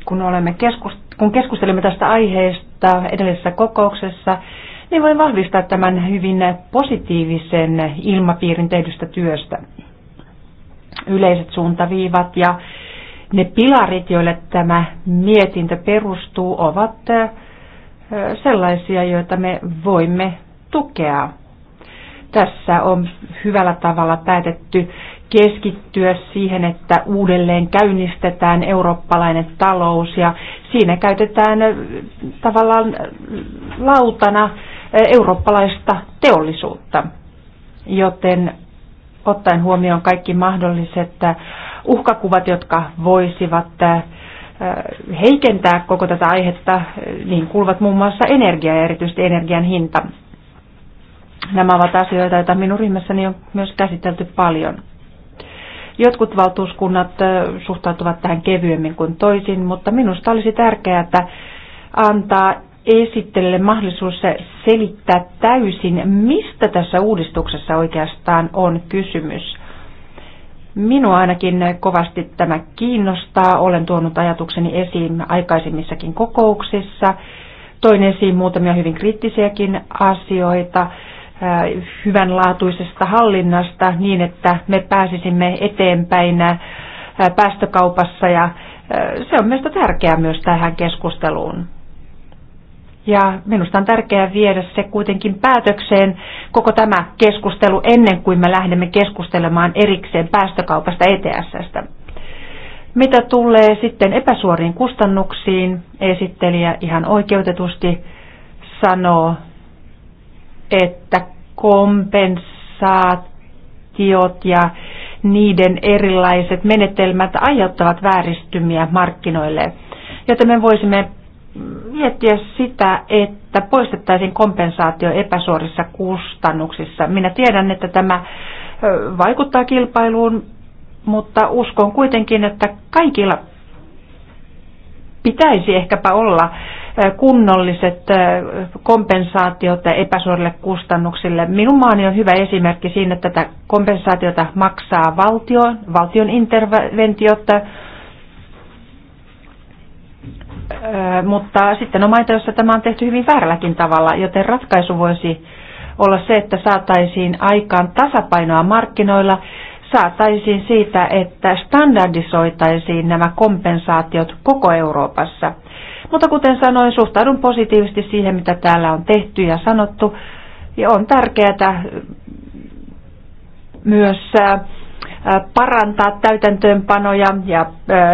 kun, olemme keskust, kun keskustelimme tästä aiheesta edellisessä kokouksessa, niin voin vahvistaa tämän hyvin positiivisen ilmapiirin tehdystä työstä yleiset suuntaviivat ja ne pilarit, joille tämä mietintö perustuu, ovat sellaisia, joita me voimme tukea. Tässä on hyvällä tavalla päätetty keskittyä siihen, että uudelleen käynnistetään eurooppalainen talous ja siinä käytetään tavallaan lautana eurooppalaista teollisuutta. Joten ottaen huomioon kaikki mahdolliset äh, uhkakuvat, jotka voisivat äh, heikentää koko tätä aihetta, äh, niin kuuluvat muun muassa energia ja erityisesti energian hinta. Nämä ovat asioita, joita minun ryhmässäni on myös käsitelty paljon. Jotkut valtuuskunnat suhtautuvat tähän kevyemmin kuin toisin, mutta minusta olisi tärkeää, että antaa esittelijälle mahdollisuus selittää täysin, mistä tässä uudistuksessa oikeastaan on kysymys. Minua ainakin kovasti tämä kiinnostaa. Olen tuonut ajatukseni esiin aikaisemmissakin kokouksissa. Toin esiin muutamia hyvin kriittisiäkin asioita äh, hyvänlaatuisesta hallinnasta niin, että me pääsisimme eteenpäin äh, päästökaupassa ja äh, se on myös tärkeää myös tähän keskusteluun. Ja minusta on tärkeää viedä se kuitenkin päätökseen koko tämä keskustelu ennen kuin me lähdemme keskustelemaan erikseen päästökaupasta ETSstä. Mitä tulee sitten epäsuoriin kustannuksiin, esittelijä ihan oikeutetusti sanoo, että kompensaatiot ja niiden erilaiset menetelmät aiheuttavat vääristymiä markkinoille, joten me voisimme miettiä sitä, että poistettaisiin kompensaatio epäsuorissa kustannuksissa. Minä tiedän, että tämä vaikuttaa kilpailuun, mutta uskon kuitenkin, että kaikilla pitäisi ehkäpä olla kunnolliset kompensaatiot epäsuorille kustannuksille. Minun maani on hyvä esimerkki siinä, että tätä kompensaatiota maksaa valtio, valtion interventiota, mutta sitten on maita, joissa tämä on tehty hyvin väärälläkin tavalla, joten ratkaisu voisi olla se, että saataisiin aikaan tasapainoa markkinoilla, saataisiin siitä, että standardisoitaisiin nämä kompensaatiot koko Euroopassa. Mutta kuten sanoin, suhtaudun positiivisesti siihen, mitä täällä on tehty ja sanottu. Ja on tärkeää myös parantaa täytäntöönpanoja ja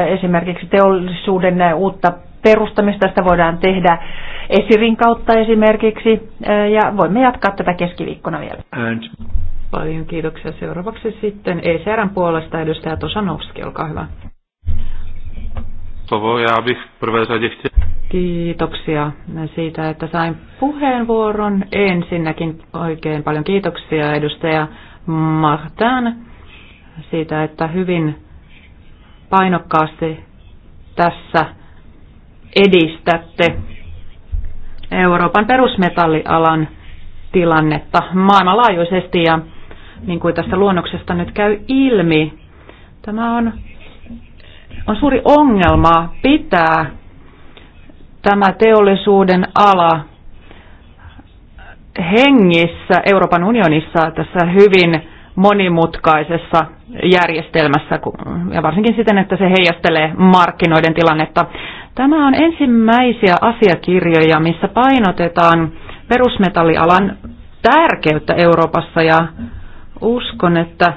esimerkiksi teollisuuden uutta perustamista. Sitä voidaan tehdä Esirin kautta esimerkiksi ja voimme jatkaa tätä keskiviikkona vielä. And. Paljon kiitoksia. Seuraavaksi sitten ECRn puolesta edustaja Tosanovski, olkaa hyvä. Kiitoksia siitä, että sain puheenvuoron. Ensinnäkin oikein paljon kiitoksia edustaja Martin siitä, että hyvin painokkaasti tässä edistätte Euroopan perusmetallialan tilannetta maailmanlaajuisesti ja niin kuin tästä luonnoksesta nyt käy ilmi, tämä on, on suuri ongelma pitää tämä teollisuuden ala hengissä Euroopan unionissa tässä hyvin monimutkaisessa järjestelmässä ja varsinkin siten, että se heijastelee markkinoiden tilannetta. Tämä on ensimmäisiä asiakirjoja, missä painotetaan perusmetallialan tärkeyttä Euroopassa ja uskon, että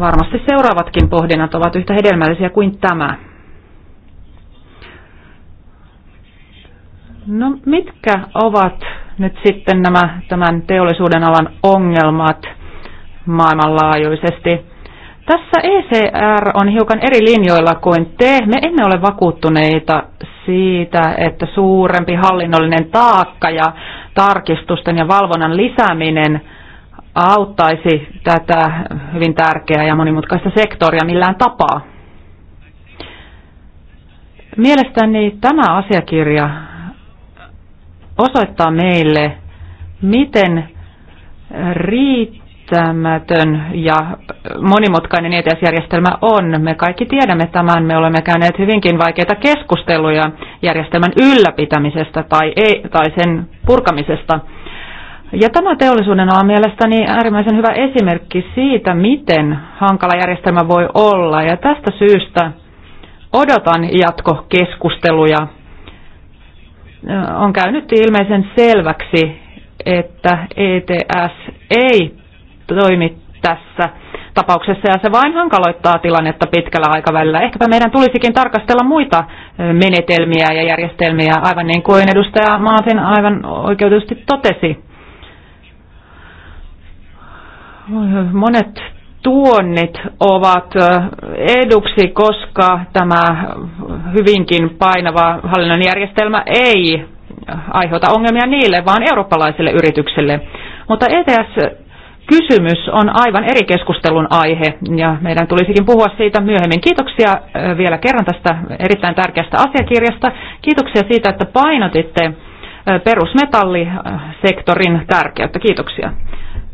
varmasti seuraavatkin pohdinnat ovat yhtä hedelmällisiä kuin tämä. No mitkä ovat nyt sitten nämä tämän teollisuuden alan ongelmat maailmanlaajuisesti? Tässä ECR on hiukan eri linjoilla kuin te. Me emme ole vakuuttuneita siitä, että suurempi hallinnollinen taakka ja tarkistusten ja valvonnan lisääminen auttaisi tätä hyvin tärkeää ja monimutkaista sektoria millään tapaa. Mielestäni tämä asiakirja osoittaa meille, miten riittää käsittämätön ja monimutkainen ETS-järjestelmä on. Me kaikki tiedämme tämän, me olemme käyneet hyvinkin vaikeita keskusteluja järjestelmän ylläpitämisestä tai, ei, tai sen purkamisesta. Ja tämä teollisuuden on mielestäni äärimmäisen hyvä esimerkki siitä, miten hankala järjestelmä voi olla. Ja tästä syystä odotan jatkokeskusteluja. On käynyt ilmeisen selväksi, että ETS ei toimi tässä tapauksessa ja se vain hankaloittaa tilannetta pitkällä aikavälillä. Ehkäpä meidän tulisikin tarkastella muita menetelmiä ja järjestelmiä, aivan niin kuin edustaja Maasin aivan oikeutusti totesi. Monet tuonnit ovat eduksi, koska tämä hyvinkin painava hallinnon järjestelmä ei aiheuta ongelmia niille, vaan eurooppalaisille yrityksille. Mutta ETS kysymys on aivan eri keskustelun aihe ja meidän tulisikin puhua siitä myöhemmin. Kiitoksia vielä kerran tästä erittäin tärkeästä asiakirjasta. Kiitoksia siitä, että painotitte perusmetallisektorin tärkeyttä. Kiitoksia.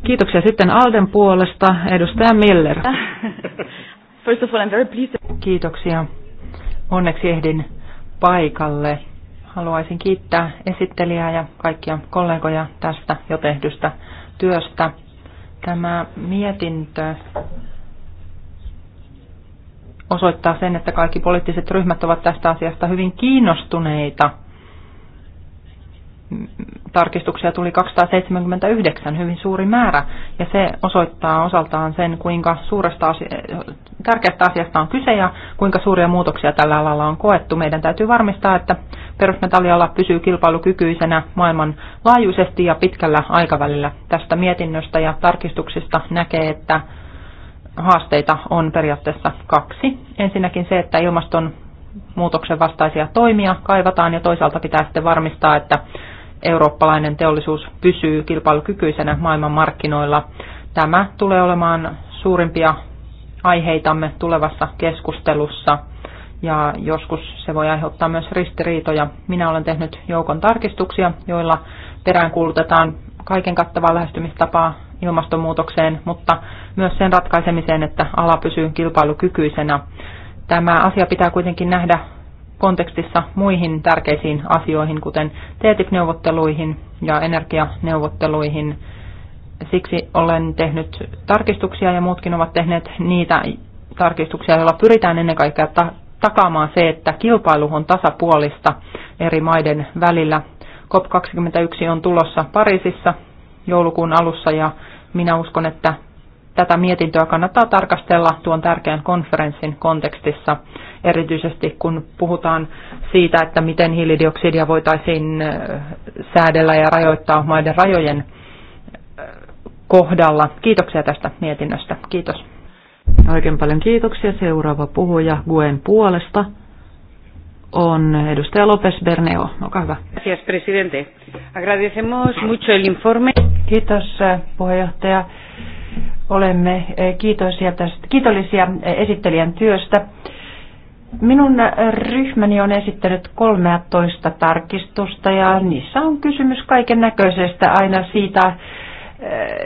Kiitoksia sitten Alden puolesta, edustaja Miller. First of all, I'm very pleased. Kiitoksia. Onneksi ehdin paikalle. Haluaisin kiittää esittelijää ja kaikkia kollegoja tästä jo tehdystä työstä. Tämä mietintö osoittaa sen, että kaikki poliittiset ryhmät ovat tästä asiasta hyvin kiinnostuneita – tarkistuksia tuli 279, hyvin suuri määrä, ja se osoittaa osaltaan sen, kuinka suuresta asia- tärkeästä asiasta on kyse ja kuinka suuria muutoksia tällä alalla on koettu. Meidän täytyy varmistaa, että perusmetalliala pysyy kilpailukykyisenä maailmanlaajuisesti ja pitkällä aikavälillä. Tästä mietinnöstä ja tarkistuksista näkee, että haasteita on periaatteessa kaksi. Ensinnäkin se, että ilmaston muutoksen vastaisia toimia kaivataan ja toisaalta pitää sitten varmistaa, että eurooppalainen teollisuus pysyy kilpailukykyisenä maailmanmarkkinoilla. Tämä tulee olemaan suurimpia aiheitamme tulevassa keskustelussa ja joskus se voi aiheuttaa myös ristiriitoja. Minä olen tehnyt joukon tarkistuksia, joilla peräänkuulutetaan kaiken kattavaa lähestymistapaa ilmastonmuutokseen, mutta myös sen ratkaisemiseen, että ala pysyy kilpailukykyisenä. Tämä asia pitää kuitenkin nähdä kontekstissa muihin tärkeisiin asioihin, kuten TTIP-neuvotteluihin e ja energianeuvotteluihin. Siksi olen tehnyt tarkistuksia ja muutkin ovat tehneet niitä tarkistuksia, joilla pyritään ennen kaikkea ta- takaamaan se, että kilpailu on tasapuolista eri maiden välillä. COP21 on tulossa Pariisissa joulukuun alussa ja minä uskon, että tätä mietintöä kannattaa tarkastella tuon tärkeän konferenssin kontekstissa erityisesti kun puhutaan siitä, että miten hiilidioksidia voitaisiin säädellä ja rajoittaa maiden rajojen kohdalla. Kiitoksia tästä mietinnöstä. Kiitos. Oikein paljon kiitoksia. Seuraava puhuja Guen puolesta on edustaja López Berneo. Olkaa hyvä. Gracias, presidente. Agradecemos mucho el informe. Kiitos, puheenjohtaja. Olemme kiitollisia, tästä, kiitollisia esittelijän työstä Minun ryhmäni on esittänyt 13 tarkistusta ja niissä on kysymys kaiken näköisestä aina siitä, äh,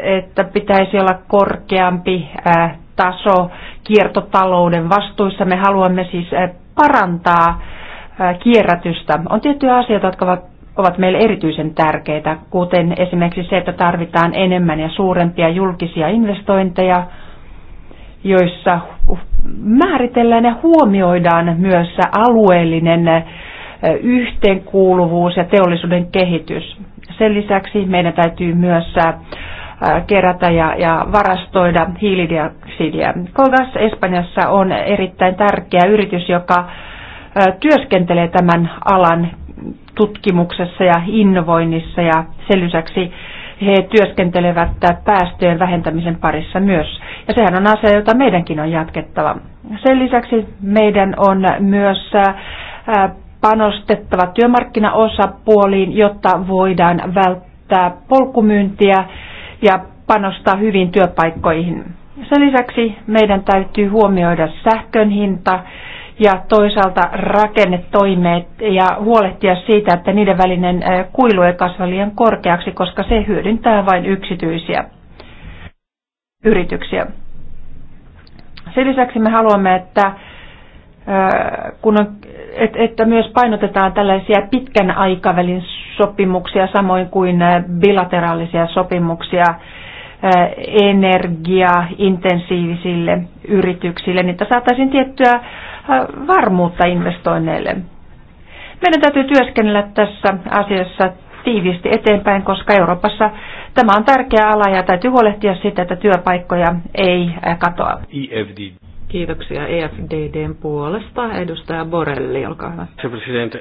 että pitäisi olla korkeampi äh, taso kiertotalouden vastuissa. Me haluamme siis äh, parantaa kierrätystä. On tiettyjä asioita, jotka ovat ovat meille erityisen tärkeitä, kuten esimerkiksi se, että tarvitaan enemmän ja suurempia julkisia investointeja, joissa määritellään ja huomioidaan myös alueellinen yhteenkuuluvuus ja teollisuuden kehitys. Sen lisäksi meidän täytyy myös kerätä ja, ja varastoida hiilidioksidia. Kogas Espanjassa on erittäin tärkeä yritys, joka työskentelee tämän alan tutkimuksessa ja innovoinnissa ja sen lisäksi he työskentelevät päästöjen vähentämisen parissa myös. Ja sehän on asia, jota meidänkin on jatkettava. Sen lisäksi meidän on myös äh, panostettava työmarkkinaosapuoliin, jotta voidaan välttää polkumyyntiä ja panostaa hyvin työpaikkoihin. Sen lisäksi meidän täytyy huomioida sähkön hinta ja toisaalta rakennetoimeet ja huolehtia siitä, että niiden välinen kuilu ei kasva liian korkeaksi, koska se hyödyntää vain yksityisiä yrityksiä. Sen lisäksi me haluamme, että kun on, että myös painotetaan tällaisia pitkän aikavälin sopimuksia samoin kuin bilateraalisia sopimuksia energiaintensiivisille yrityksille, niin että saataisiin tiettyä varmuutta investoinneille. Meidän täytyy työskennellä tässä asiassa tiiviisti eteenpäin, koska Euroopassa tämä on tärkeä ala ja täytyy huolehtia siitä, että työpaikkoja ei katoa. EFD. Kiitoksia EFDDn puolesta. Edustaja Borelli, olkaa hyvä.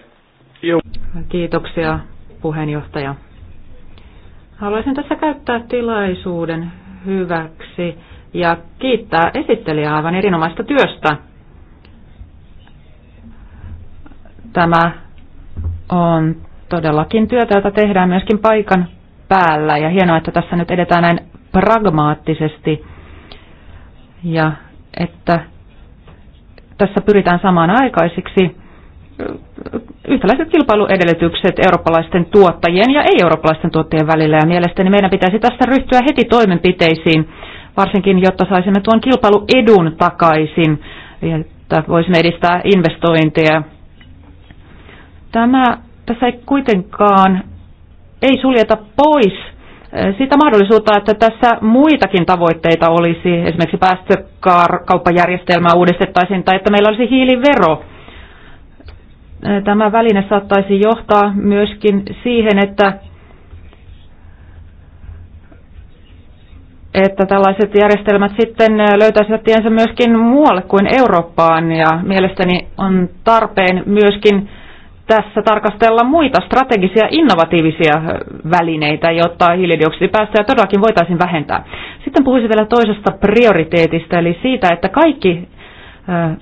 Kiitoksia puheenjohtaja. Haluaisin tässä käyttää tilaisuuden hyväksi ja kiittää esittelijää aivan erinomaista työstä. Tämä on todellakin työtä, jota tehdään myöskin paikan päällä ja hienoa, että tässä nyt edetään näin pragmaattisesti ja että tässä pyritään samaan aikaisiksi yhtäläiset kilpailuedellytykset eurooppalaisten tuottajien ja ei-eurooppalaisten tuottajien välillä. Ja mielestäni meidän pitäisi tässä ryhtyä heti toimenpiteisiin, varsinkin jotta saisimme tuon kilpailuedun takaisin, että voisimme edistää investointeja Tämä tässä ei kuitenkaan ei suljeta pois eh, sitä mahdollisuutta, että tässä muitakin tavoitteita olisi, esimerkiksi päästökauppajärjestelmää uudistettaisiin tai että meillä olisi hiilivero. Eh, tämä väline saattaisi johtaa myöskin siihen, että, että tällaiset järjestelmät sitten eh, löytäisivät tiensä myöskin muualle kuin Eurooppaan ja mielestäni on tarpeen myöskin tässä tarkastella muita strategisia innovatiivisia välineitä, jotta hiilidioksidipäästöjä todellakin voitaisiin vähentää. Sitten puhuisin vielä toisesta prioriteetista, eli siitä, että kaikki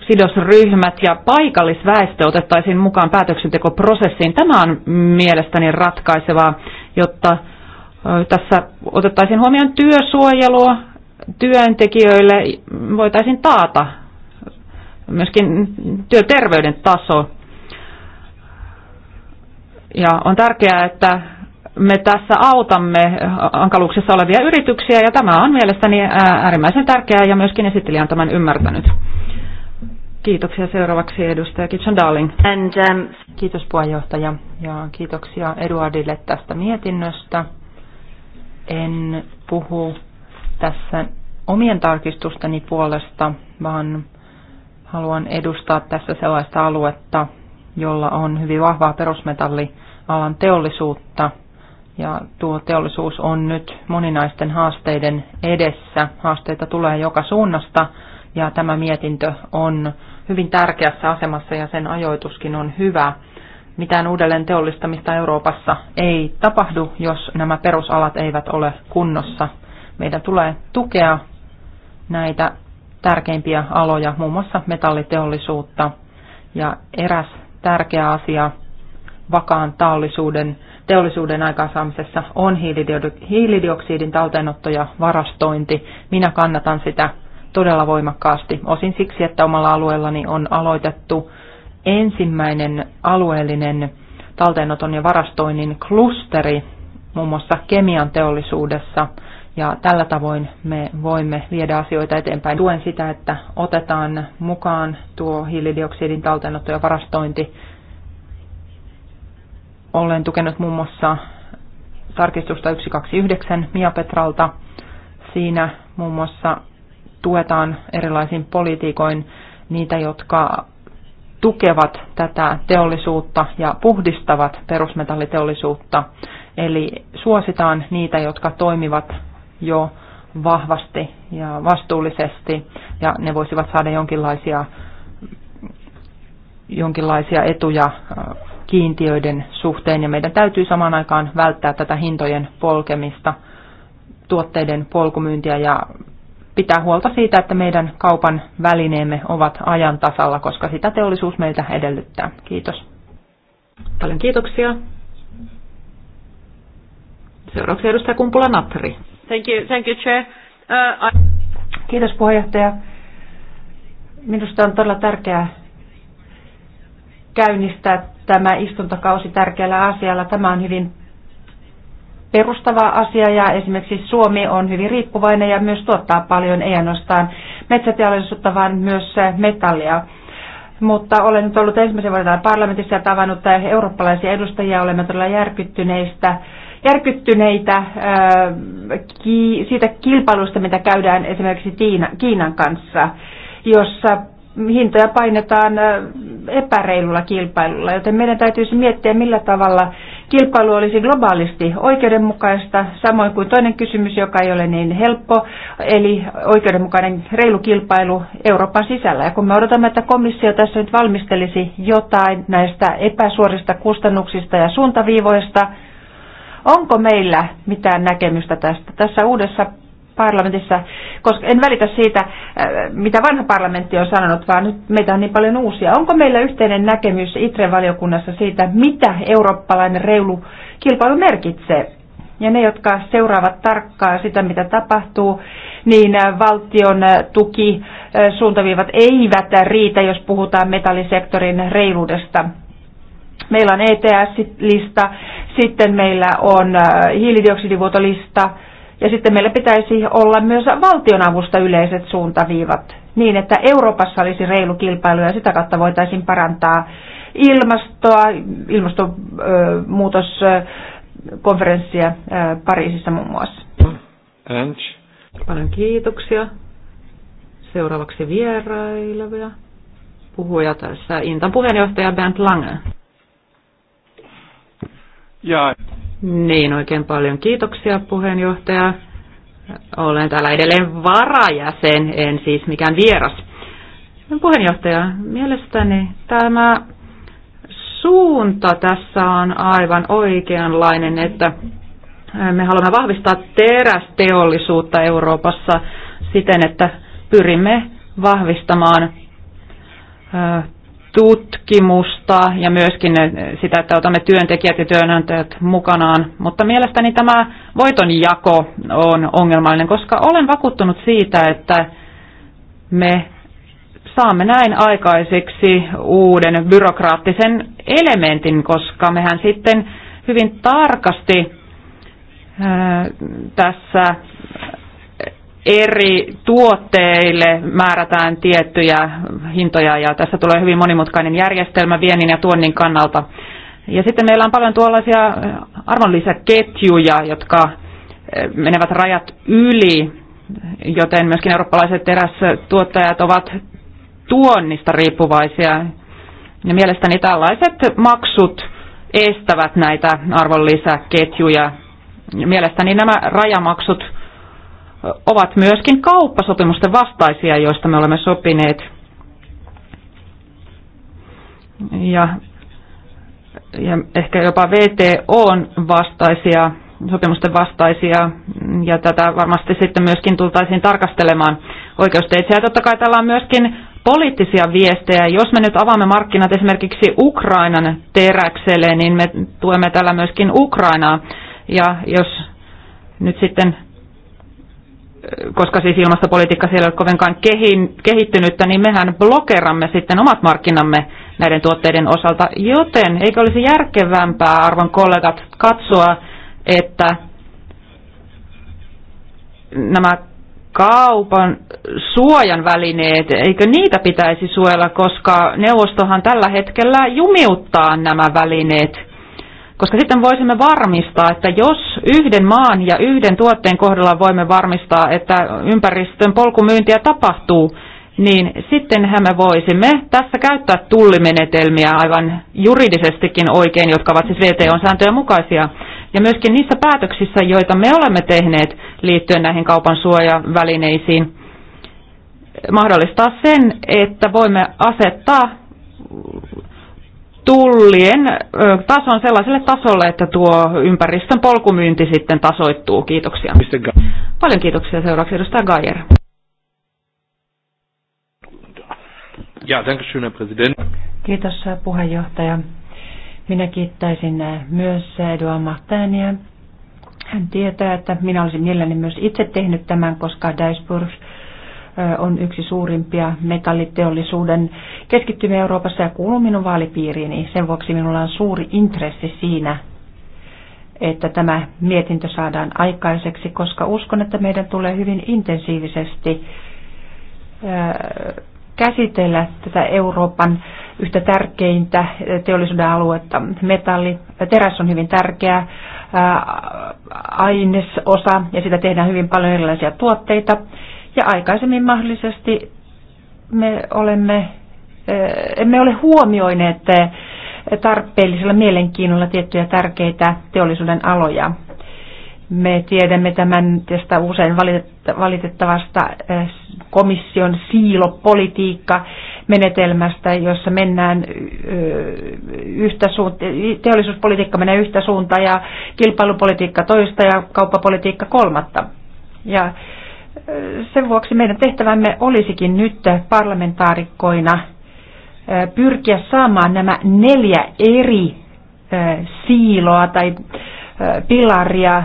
sidosryhmät ja paikallisväestö otettaisiin mukaan päätöksentekoprosessiin. Tämä on mielestäni ratkaisevaa, jotta tässä otettaisiin huomioon työsuojelua työntekijöille, voitaisiin taata myöskin työterveyden taso ja on tärkeää, että me tässä autamme hankaluuksissa olevia yrityksiä ja tämä on mielestäni äärimmäisen tärkeää ja myöskin esittelijä on tämän ymmärtänyt. Kiitoksia seuraavaksi edustaja Kitchen Darling. And, um, kiitos puheenjohtaja ja kiitoksia Eduardille tästä mietinnöstä. En puhu tässä omien tarkistusteni puolesta, vaan haluan edustaa tässä sellaista aluetta, jolla on hyvin vahvaa perusmetallialan teollisuutta. Ja tuo teollisuus on nyt moninaisten haasteiden edessä. Haasteita tulee joka suunnasta ja tämä mietintö on hyvin tärkeässä asemassa ja sen ajoituskin on hyvä. Mitään uudelleen teollistamista Euroopassa ei tapahdu, jos nämä perusalat eivät ole kunnossa. Meidän tulee tukea näitä tärkeimpiä aloja, muun muassa metalliteollisuutta. Ja eräs tärkeä asia vakaan teollisuuden, teollisuuden aikaansaamisessa on hiilidioksidin talteenotto ja varastointi. Minä kannatan sitä todella voimakkaasti, osin siksi, että omalla alueellani on aloitettu ensimmäinen alueellinen talteenoton ja varastoinnin klusteri muun muassa kemian teollisuudessa – ja tällä tavoin me voimme viedä asioita eteenpäin. Tuen sitä, että otetaan mukaan tuo hiilidioksidin talteenotto ja varastointi. Olen tukenut muun muassa tarkistusta 129 Mia Petralta. Siinä muun muassa tuetaan erilaisin politiikoin niitä, jotka tukevat tätä teollisuutta ja puhdistavat perusmetalliteollisuutta. Eli suositaan niitä, jotka toimivat jo vahvasti ja vastuullisesti ja ne voisivat saada jonkinlaisia, jonkinlaisia etuja äh, kiintiöiden suhteen ja meidän täytyy samaan aikaan välttää tätä hintojen polkemista, tuotteiden polkumyyntiä ja pitää huolta siitä, että meidän kaupan välineemme ovat ajan tasalla, koska sitä teollisuus meiltä edellyttää. Kiitos. Paljon kiitoksia. Seuraavaksi edustaja Kumpula Natri. Thank you, thank you, Chair. Uh, I... Kiitos puheenjohtaja. Minusta on todella tärkeää käynnistää tämä istuntokausi tärkeällä asialla. Tämä on hyvin perustava asia ja esimerkiksi Suomi on hyvin riippuvainen ja myös tuottaa paljon, ei ainoastaan metsäteollisuutta, vaan myös metallia. Mutta olen nyt ollut ensimmäisen vuoden parlamentissa ja tavannut eurooppalaisia edustajia, olemme todella järkyttyneistä järkyttyneitä äh, siitä kilpailusta, mitä käydään esimerkiksi Kiinan kanssa, jossa hintoja painetaan äh, epäreilulla kilpailulla, joten meidän täytyisi miettiä, millä tavalla kilpailu olisi globaalisti oikeudenmukaista, samoin kuin toinen kysymys, joka ei ole niin helppo, eli oikeudenmukainen reilu kilpailu Euroopan sisällä. Ja kun me odotamme, että komissio tässä nyt valmistelisi jotain näistä epäsuorista kustannuksista ja suuntaviivoista, Onko meillä mitään näkemystä tästä? Tässä uudessa parlamentissa, koska en välitä siitä, äh, mitä vanha parlamentti on sanonut, vaan nyt meitä on niin paljon uusia. Onko meillä yhteinen näkemys Itren valiokunnassa siitä, mitä eurooppalainen reilu kilpailu merkitsee? Ja ne, jotka seuraavat tarkkaa sitä, mitä tapahtuu, niin äh, valtion äh, tuki suuntaviivat eivät riitä, jos puhutaan metallisektorin reiluudesta. Meillä on ETS-lista, sitten meillä on äh, hiilidioksidivuotolista ja sitten meillä pitäisi olla myös valtionavusta yleiset suuntaviivat niin, että Euroopassa olisi reilu kilpailu ja sitä kautta voitaisiin parantaa ilmastoa, ilmastonmuutoskonferenssia äh, Pariisissa muun muassa. Paljon kiitoksia. Seuraavaksi vierailevia puhuja tässä Intan puheenjohtaja Bernd Lange. Ja. Niin, oikein paljon kiitoksia puheenjohtaja. Olen täällä edelleen varajäsen, en siis mikään vieras. Puheenjohtaja, mielestäni tämä suunta tässä on aivan oikeanlainen, että me haluamme vahvistaa terästeollisuutta Euroopassa siten, että pyrimme vahvistamaan tutkimusta ja myöskin eh, sitä, että otamme työntekijät ja työnantajat mukanaan. Mutta mielestäni tämä voitonjako on ongelmallinen, koska olen vakuuttunut siitä, että me saamme näin aikaiseksi uuden byrokraattisen elementin, koska mehän sitten hyvin tarkasti eh, tässä eri tuotteille määrätään tiettyjä hintoja ja tässä tulee hyvin monimutkainen järjestelmä viennin ja tuonnin kannalta. Ja sitten meillä on paljon tuollaisia arvonlisäketjuja, jotka eh, menevät rajat yli, joten myöskin eurooppalaiset terästuottajat ovat tuonnista riippuvaisia. Ja mielestäni tällaiset maksut estävät näitä arvonlisäketjuja. Mielestäni nämä rajamaksut ovat myöskin kauppasopimusten vastaisia, joista me olemme sopineet. Ja, ja ehkä jopa on vastaisia, sopimusten vastaisia, ja tätä varmasti sitten myöskin tultaisiin tarkastelemaan oikeusteitse. Ja totta kai tällä on myöskin poliittisia viestejä. Jos me nyt avaamme markkinat esimerkiksi Ukrainan teräkselle, niin me tuemme tällä myöskin Ukrainaa. Ja jos nyt sitten koska siis ilmastopolitiikka siellä ei ole kovinkaan kehittynyttä, niin mehän blokeramme sitten omat markkinamme näiden tuotteiden osalta. Joten eikö olisi järkevämpää, arvon kollegat, katsoa, että nämä kaupan suojan välineet, eikö niitä pitäisi suojella, koska neuvostohan tällä hetkellä jumiuttaa nämä välineet – koska sitten voisimme varmistaa, että jos yhden maan ja yhden tuotteen kohdalla voimme varmistaa, että ympäristön polkumyyntiä tapahtuu, niin sittenhän me voisimme tässä käyttää tullimenetelmiä aivan juridisestikin oikein, jotka ovat siis VTO-sääntöjen mukaisia. Ja myöskin niissä päätöksissä, joita me olemme tehneet liittyen näihin kaupan suojavälineisiin, mahdollistaa sen, että voimme asettaa tullien tason sellaiselle tasolle, että tuo ympäristön polkumyynti sitten tasoittuu. Kiitoksia. Paljon kiitoksia. Seuraavaksi edustaja Gajer. Ja, dankeschön, Herr Präsident. Kiitos äh, puheenjohtaja. Minä kiittäisin äh, myös äh, Eduard Martinia. Hän tietää, että minä olisin mielelläni myös itse tehnyt tämän, koska Dijsburg on yksi suurimpia metalliteollisuuden keskittymiä Euroopassa ja kuuluu minun vaalipiiriini. Sen vuoksi minulla on suuri intressi siinä, että tämä mietintö saadaan aikaiseksi, koska uskon, että meidän tulee hyvin intensiivisesti käsitellä tätä Euroopan yhtä tärkeintä teollisuuden aluetta. Metalli, teräs on hyvin tärkeä ainesosa ja sitä tehdään hyvin paljon erilaisia tuotteita. Ja aikaisemmin mahdollisesti me olemme, emme ole huomioineet tarpeellisella mielenkiinnolla tiettyjä tärkeitä teollisuuden aloja. Me tiedämme tämän tästä usein valitettavasta komission siilopolitiikka menetelmästä, jossa mennään yhtä suunta, teollisuuspolitiikka menee yhtä suuntaan ja kilpailupolitiikka toista ja kauppapolitiikka kolmatta. Ja sen vuoksi meidän tehtävämme olisikin nyt parlamentaarikkoina pyrkiä saamaan nämä neljä eri siiloa tai pilaria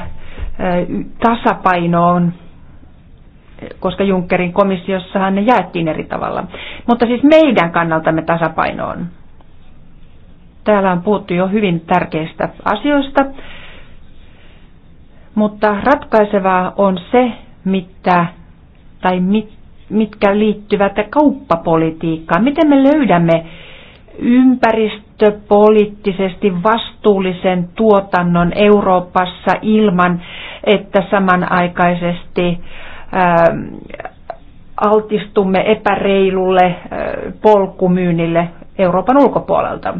tasapainoon, koska Junckerin komissiossahan ne jaettiin eri tavalla. Mutta siis meidän kannaltamme tasapainoon. Täällä on puhuttu jo hyvin tärkeistä asioista, mutta ratkaisevaa on se, mitä, tai mit, mitkä liittyvät kauppapolitiikkaan. Miten me löydämme ympäristöpoliittisesti vastuullisen tuotannon Euroopassa ilman, että samanaikaisesti ähm, altistumme epäreilulle äh, polkumyynnille Euroopan ulkopuolelta.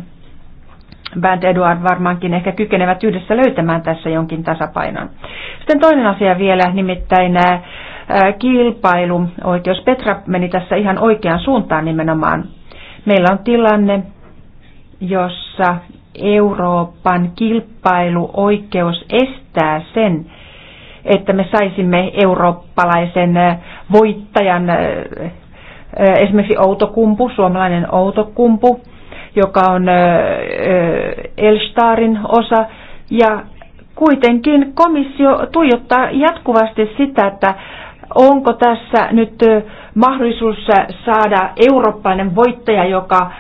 Band Eduard varmaankin ehkä kykenevät yhdessä löytämään tässä jonkin tasapainon. Sitten toinen asia vielä, nimittäin kilpailu. Oikeus Petra meni tässä ihan oikeaan suuntaan nimenomaan. Meillä on tilanne, jossa Euroopan kilpailuoikeus estää sen, että me saisimme eurooppalaisen voittajan, esimerkiksi Outokumpu, suomalainen Outokumpu, joka on Elstarin osa. Ja kuitenkin komissio tuijottaa jatkuvasti sitä, että onko tässä nyt mahdollisuus saada eurooppalainen voittaja, joka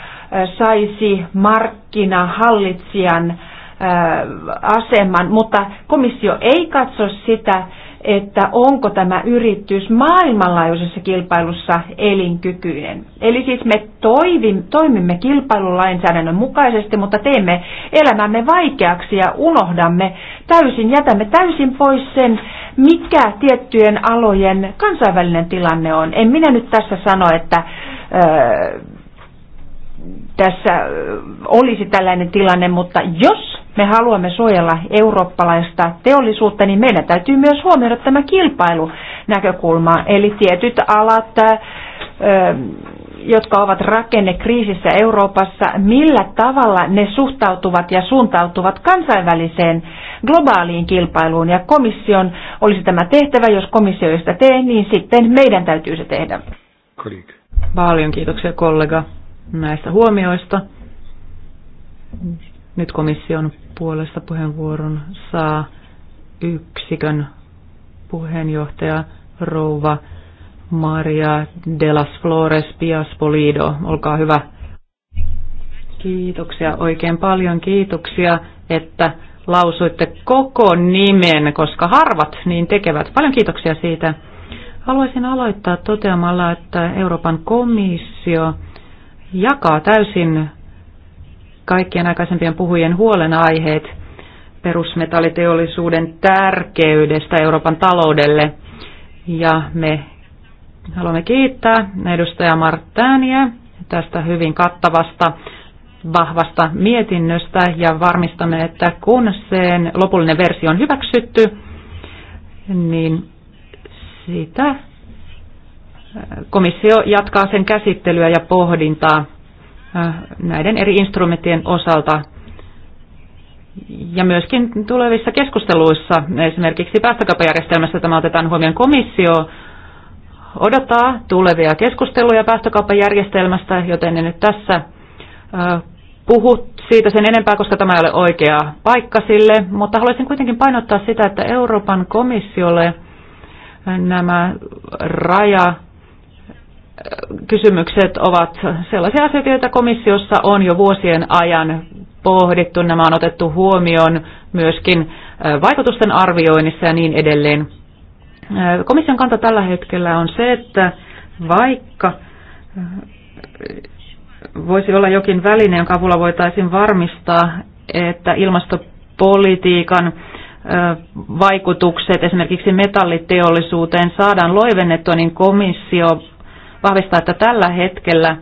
saisi markkinahallitsijan aseman, mutta komissio ei katso sitä, että onko tämä yritys maailmanlaajuisessa kilpailussa elinkykyinen. Eli siis me toivim, toimimme kilpailulainsäädännön mukaisesti, mutta teemme elämämme vaikeaksi ja unohdamme täysin, jätämme täysin pois sen, mikä tiettyjen alojen kansainvälinen tilanne on. En minä nyt tässä sano, että öö, tässä olisi tällainen tilanne, mutta jos me haluamme suojella eurooppalaista teollisuutta, niin meidän täytyy myös huomioida tämä kilpailunäkökulma. Eli tietyt alat, äh, jotka ovat rakennekriisissä Euroopassa, millä tavalla ne suhtautuvat ja suuntautuvat kansainväliseen globaaliin kilpailuun. Ja komission olisi tämä tehtävä, jos komissio ei sitä tee, niin sitten meidän täytyy se tehdä. Paljon kiitoksia kollega näistä huomioista. Nyt komission puolesta puheenvuoron saa yksikön puheenjohtaja rouva Maria de las Flores Piaspolido. Olkaa hyvä. Kiitoksia oikein paljon. Kiitoksia, että lausuitte koko nimen, koska harvat niin tekevät. Paljon kiitoksia siitä. Haluaisin aloittaa toteamalla, että Euroopan komissio jakaa täysin kaikkien aikaisempien puhujien huolenaiheet perusmetalliteollisuuden tärkeydestä Euroopan taloudelle. Ja me haluamme kiittää edustaja Marttääniä tästä hyvin kattavasta vahvasta mietinnöstä ja varmistamme, että kun sen lopullinen versio on hyväksytty, niin sitä komissio jatkaa sen käsittelyä ja pohdintaa Äh, näiden eri instrumenttien osalta ja myöskin tulevissa keskusteluissa, esimerkiksi päästökauppajärjestelmässä tämä otetaan huomioon komissio, odottaa tulevia keskusteluja päästökauppajärjestelmästä, joten en nyt tässä äh, puhu siitä sen enempää, koska tämä ei ole oikea paikka sille, mutta haluaisin kuitenkin painottaa sitä, että Euroopan komissiolle äh, nämä raja kysymykset ovat sellaisia asioita, joita komissiossa on jo vuosien ajan pohdittu. Nämä on otettu huomioon myöskin vaikutusten arvioinnissa ja niin edelleen. Komission kanta tällä hetkellä on se, että vaikka voisi olla jokin väline, jonka avulla voitaisiin varmistaa, että ilmastopolitiikan vaikutukset esimerkiksi metalliteollisuuteen saadaan loivennettua, niin komissio vahvistaa, että tällä hetkellä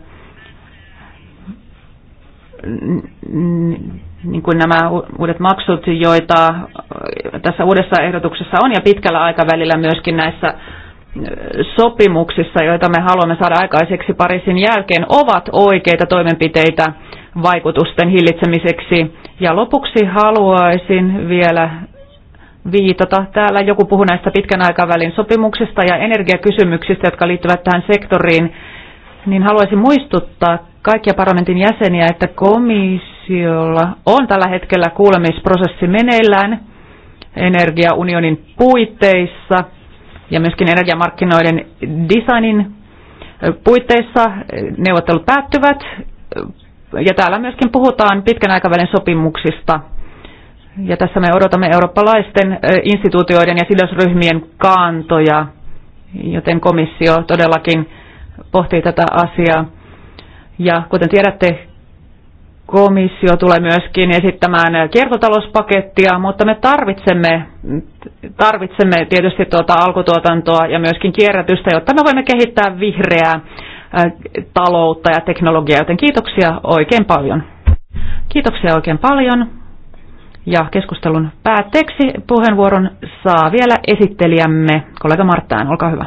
niin kuin nämä uudet maksut, joita tässä uudessa ehdotuksessa on ja pitkällä aikavälillä myöskin näissä sopimuksissa, joita me haluamme saada aikaiseksi Pariisin jälkeen, ovat oikeita toimenpiteitä vaikutusten hillitsemiseksi. Ja lopuksi haluaisin vielä viitata. Täällä joku puhui näistä pitkän aikavälin sopimuksista ja energiakysymyksistä, jotka liittyvät tähän sektoriin. Niin haluaisin muistuttaa kaikkia parlamentin jäseniä, että komissiolla on tällä hetkellä kuulemisprosessi meneillään energiaunionin puitteissa ja myöskin energiamarkkinoiden designin puitteissa neuvottelut päättyvät. Ja täällä myöskin puhutaan pitkän aikavälin sopimuksista – ja tässä me odotamme eurooppalaisten instituutioiden ja sidosryhmien kantoja, joten komissio todellakin pohtii tätä asiaa. Ja kuten tiedätte, komissio tulee myöskin esittämään kiertotalouspakettia, mutta me tarvitsemme, tarvitsemme tietysti tuota alkutuotantoa ja myöskin kierrätystä, jotta me voimme kehittää vihreää taloutta ja teknologiaa, joten kiitoksia oikein paljon. Kiitoksia oikein paljon. Ja keskustelun päätteeksi puheenvuoron saa vielä esittelijämme, kollega Marttaan, olkaa hyvä.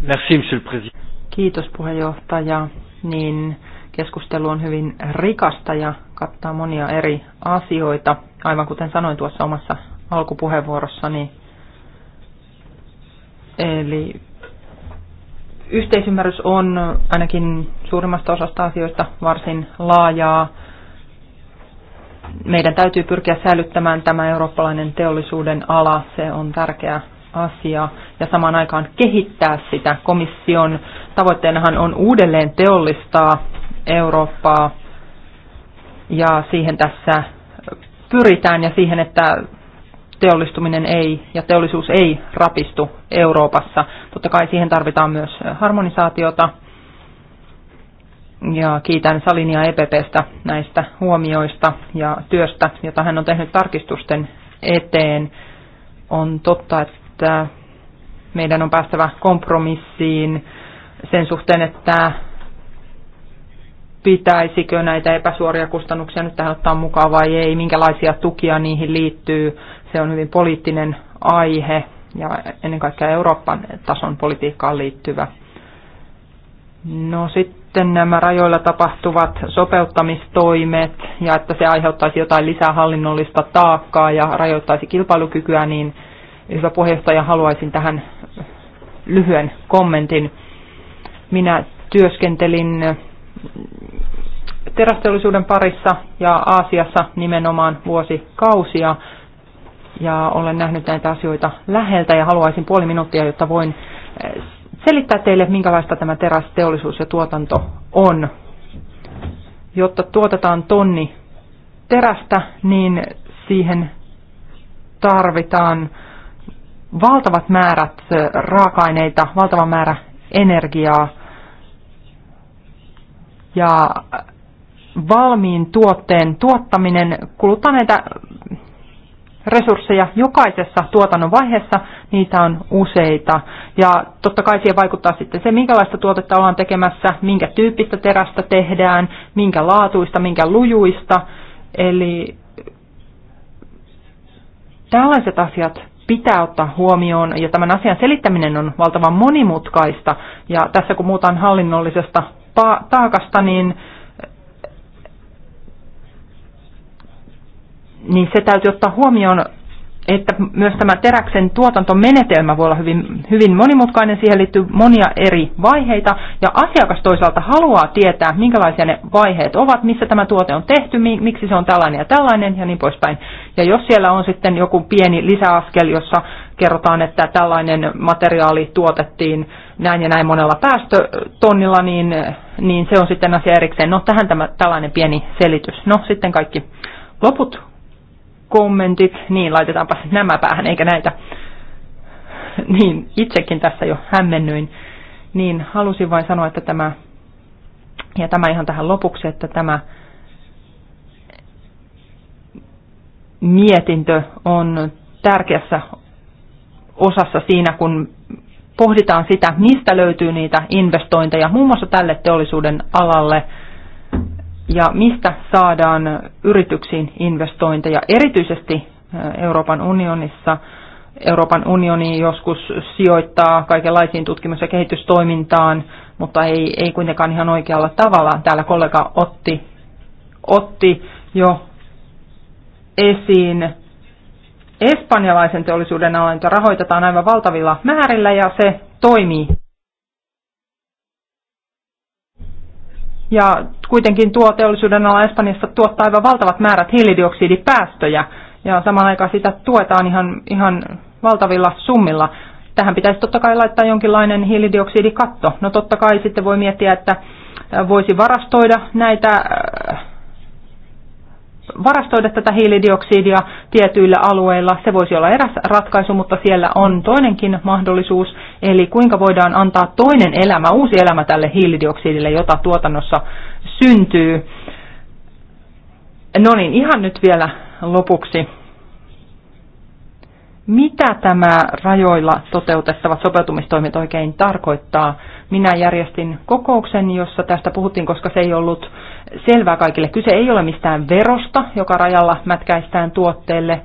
Merci, monsieur le président. Kiitos puheenjohtaja. Niin, keskustelu on hyvin rikasta ja kattaa monia eri asioita. Aivan kuten sanoin tuossa omassa alkupuheenvuorossani, eli yhteisymmärrys on ainakin suurimmasta osasta asioista varsin laajaa meidän täytyy pyrkiä säilyttämään tämä eurooppalainen teollisuuden ala, se on tärkeä asia, ja samaan aikaan kehittää sitä. Komission tavoitteenahan on uudelleen teollistaa Eurooppaa, ja siihen tässä pyritään, ja siihen, että teollistuminen ei ja teollisuus ei rapistu Euroopassa. Totta kai siihen tarvitaan myös harmonisaatiota, ja kiitän Salinia EPPstä näistä huomioista ja työstä, jota hän on tehnyt tarkistusten eteen. On totta, että meidän on päästävä kompromissiin sen suhteen, että pitäisikö näitä epäsuoria kustannuksia nyt tähän ottaa mukaan vai ei, minkälaisia tukia niihin liittyy. Se on hyvin poliittinen aihe ja ennen kaikkea Euroopan tason politiikkaan liittyvä. No sitten sitten nämä rajoilla tapahtuvat sopeuttamistoimet ja että se aiheuttaisi jotain lisää hallinnollista taakkaa ja rajoittaisi kilpailukykyä, niin hyvä puheenjohtaja, haluaisin tähän lyhyen kommentin. Minä työskentelin terästeollisuuden parissa ja Aasiassa nimenomaan vuosikausia ja olen nähnyt näitä asioita läheltä ja haluaisin puoli minuuttia, jotta voin selittää teille, minkälaista tämä terästeollisuus ja tuotanto on. Jotta tuotetaan tonni terästä, niin siihen tarvitaan valtavat määrät raaka-aineita, valtava määrä energiaa ja valmiin tuotteen tuottaminen kuluttaa näitä resursseja jokaisessa tuotannon vaiheessa, niitä on useita. Ja totta kai siihen vaikuttaa sitten se, minkälaista tuotetta ollaan tekemässä, minkä tyyppistä terästä tehdään, minkä laatuista, minkä lujuista. Eli tällaiset asiat pitää ottaa huomioon ja tämän asian selittäminen on valtavan monimutkaista. Ja tässä kun muutaan hallinnollisesta taakasta, niin niin se täytyy ottaa huomioon, että myös tämä teräksen tuotantomenetelmä voi olla hyvin, hyvin monimutkainen. Siihen liittyy monia eri vaiheita ja asiakas toisaalta haluaa tietää, minkälaisia ne vaiheet ovat, missä tämä tuote on tehty, miksi se on tällainen ja tällainen ja niin poispäin. Ja jos siellä on sitten joku pieni lisäaskel, jossa kerrotaan, että tällainen materiaali tuotettiin näin ja näin monella päästötonnilla, niin, niin se on sitten asia erikseen. No tähän tämä, tällainen pieni selitys. No sitten kaikki loput kommentit, niin laitetaanpa nämä päähän eikä näitä. Niin, itsekin tässä jo hämmennyin. Niin, halusin vain sanoa, että tämä, ja tämä ihan tähän lopuksi, että tämä mietintö on tärkeässä osassa siinä, kun pohditaan sitä, mistä löytyy niitä investointeja muun muassa tälle teollisuuden alalle – ja mistä saadaan yrityksiin investointeja, erityisesti Euroopan unionissa. Euroopan unioni joskus sijoittaa kaikenlaisiin tutkimus- ja kehitystoimintaan, mutta ei, ei kuitenkaan ihan oikealla tavalla. Täällä kollega otti, otti jo esiin espanjalaisen teollisuuden alan, rahoitetaan aivan valtavilla määrillä ja se toimii ja kuitenkin tuo teollisuuden ala Espanjassa tuottaa aivan valtavat määrät hiilidioksidipäästöjä ja samaan aikaan sitä tuetaan ihan, ihan valtavilla summilla. Tähän pitäisi totta kai laittaa jonkinlainen hiilidioksidikatto. No totta kai sitten voi miettiä, että voisi varastoida näitä varastoida tätä hiilidioksidia tietyillä alueilla. Se voisi olla eräs ratkaisu, mutta siellä on toinenkin mahdollisuus, eli kuinka voidaan antaa toinen elämä, uusi elämä tälle hiilidioksidille, jota tuotannossa syntyy. No niin, ihan nyt vielä lopuksi. Mitä tämä rajoilla toteutettavat sopeutumistoimet oikein tarkoittaa? Minä järjestin kokouksen, jossa tästä puhuttiin, koska se ei ollut selvää kaikille. Kyse ei ole mistään verosta, joka rajalla mätkäistään tuotteelle.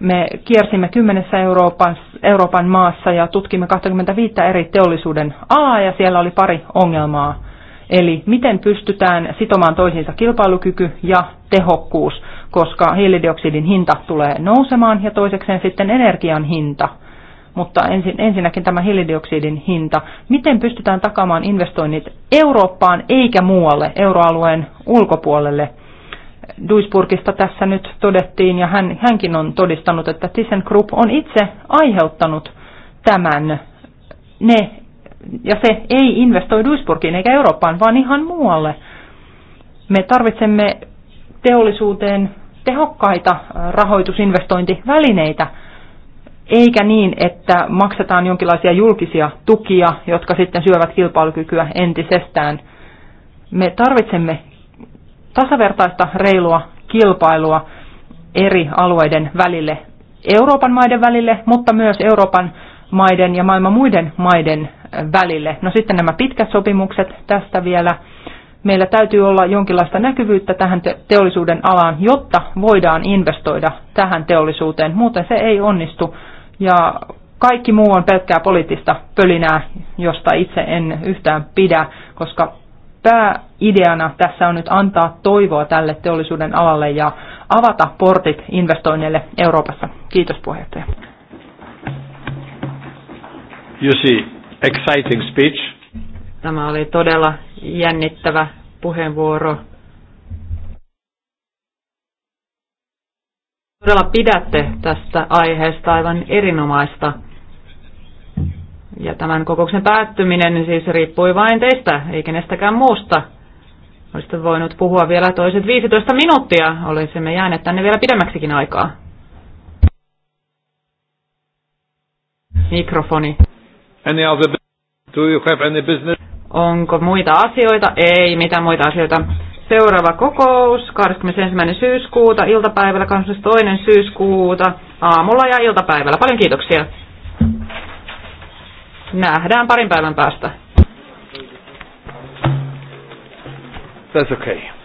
Me kiersimme kymmenessä Euroopan, Euroopan maassa ja tutkimme 25 eri teollisuuden alaa ja siellä oli pari ongelmaa. Eli miten pystytään sitomaan toisiinsa kilpailukyky ja tehokkuus, koska hiilidioksidin hinta tulee nousemaan ja toisekseen sitten energian hinta – mutta ensin, ensinnäkin tämä hiilidioksidin hinta. Miten pystytään takaamaan investoinnit Eurooppaan eikä muualle euroalueen ulkopuolelle? Duisburgista tässä nyt todettiin ja hän, hänkin on todistanut, että ThyssenKrupp on itse aiheuttanut tämän. Ne, ja se ei investoi Duisburgiin eikä Eurooppaan, vaan ihan muualle. Me tarvitsemme teollisuuteen tehokkaita rahoitusinvestointivälineitä – eikä niin, että maksetaan jonkinlaisia julkisia tukia, jotka sitten syövät kilpailukykyä entisestään. Me tarvitsemme tasavertaista, reilua kilpailua eri alueiden välille, Euroopan maiden välille, mutta myös Euroopan maiden ja maailman muiden maiden äh, välille. No sitten nämä pitkät sopimukset tästä vielä. Meillä täytyy olla jonkinlaista näkyvyyttä tähän teollisuuden alaan, jotta voidaan investoida tähän teollisuuteen. Muuten se ei onnistu ja kaikki muu on pelkkää poliittista pölinää, josta itse en yhtään pidä, koska pääideana tässä on nyt antaa toivoa tälle teollisuuden alalle ja avata portit investoinneille Euroopassa. Kiitos puheenjohtaja. see, exciting speech. Tämä oli todella jännittävä puheenvuoro. todella pidätte tästä aiheesta aivan erinomaista. Ja tämän kokouksen päättyminen siis riippui vain teistä, ei kenestäkään muusta. Olisitte voinut puhua vielä toiset 15 minuuttia, olisimme jääneet tänne vielä pidemmäksikin aikaa. Mikrofoni. Any other, do you have any business? Onko muita asioita? Ei, mitä muita asioita. Seuraava kokous 21. syyskuuta, iltapäivällä 22. syyskuuta, aamulla ja iltapäivällä. Paljon kiitoksia. Nähdään parin päivän päästä. That's okay.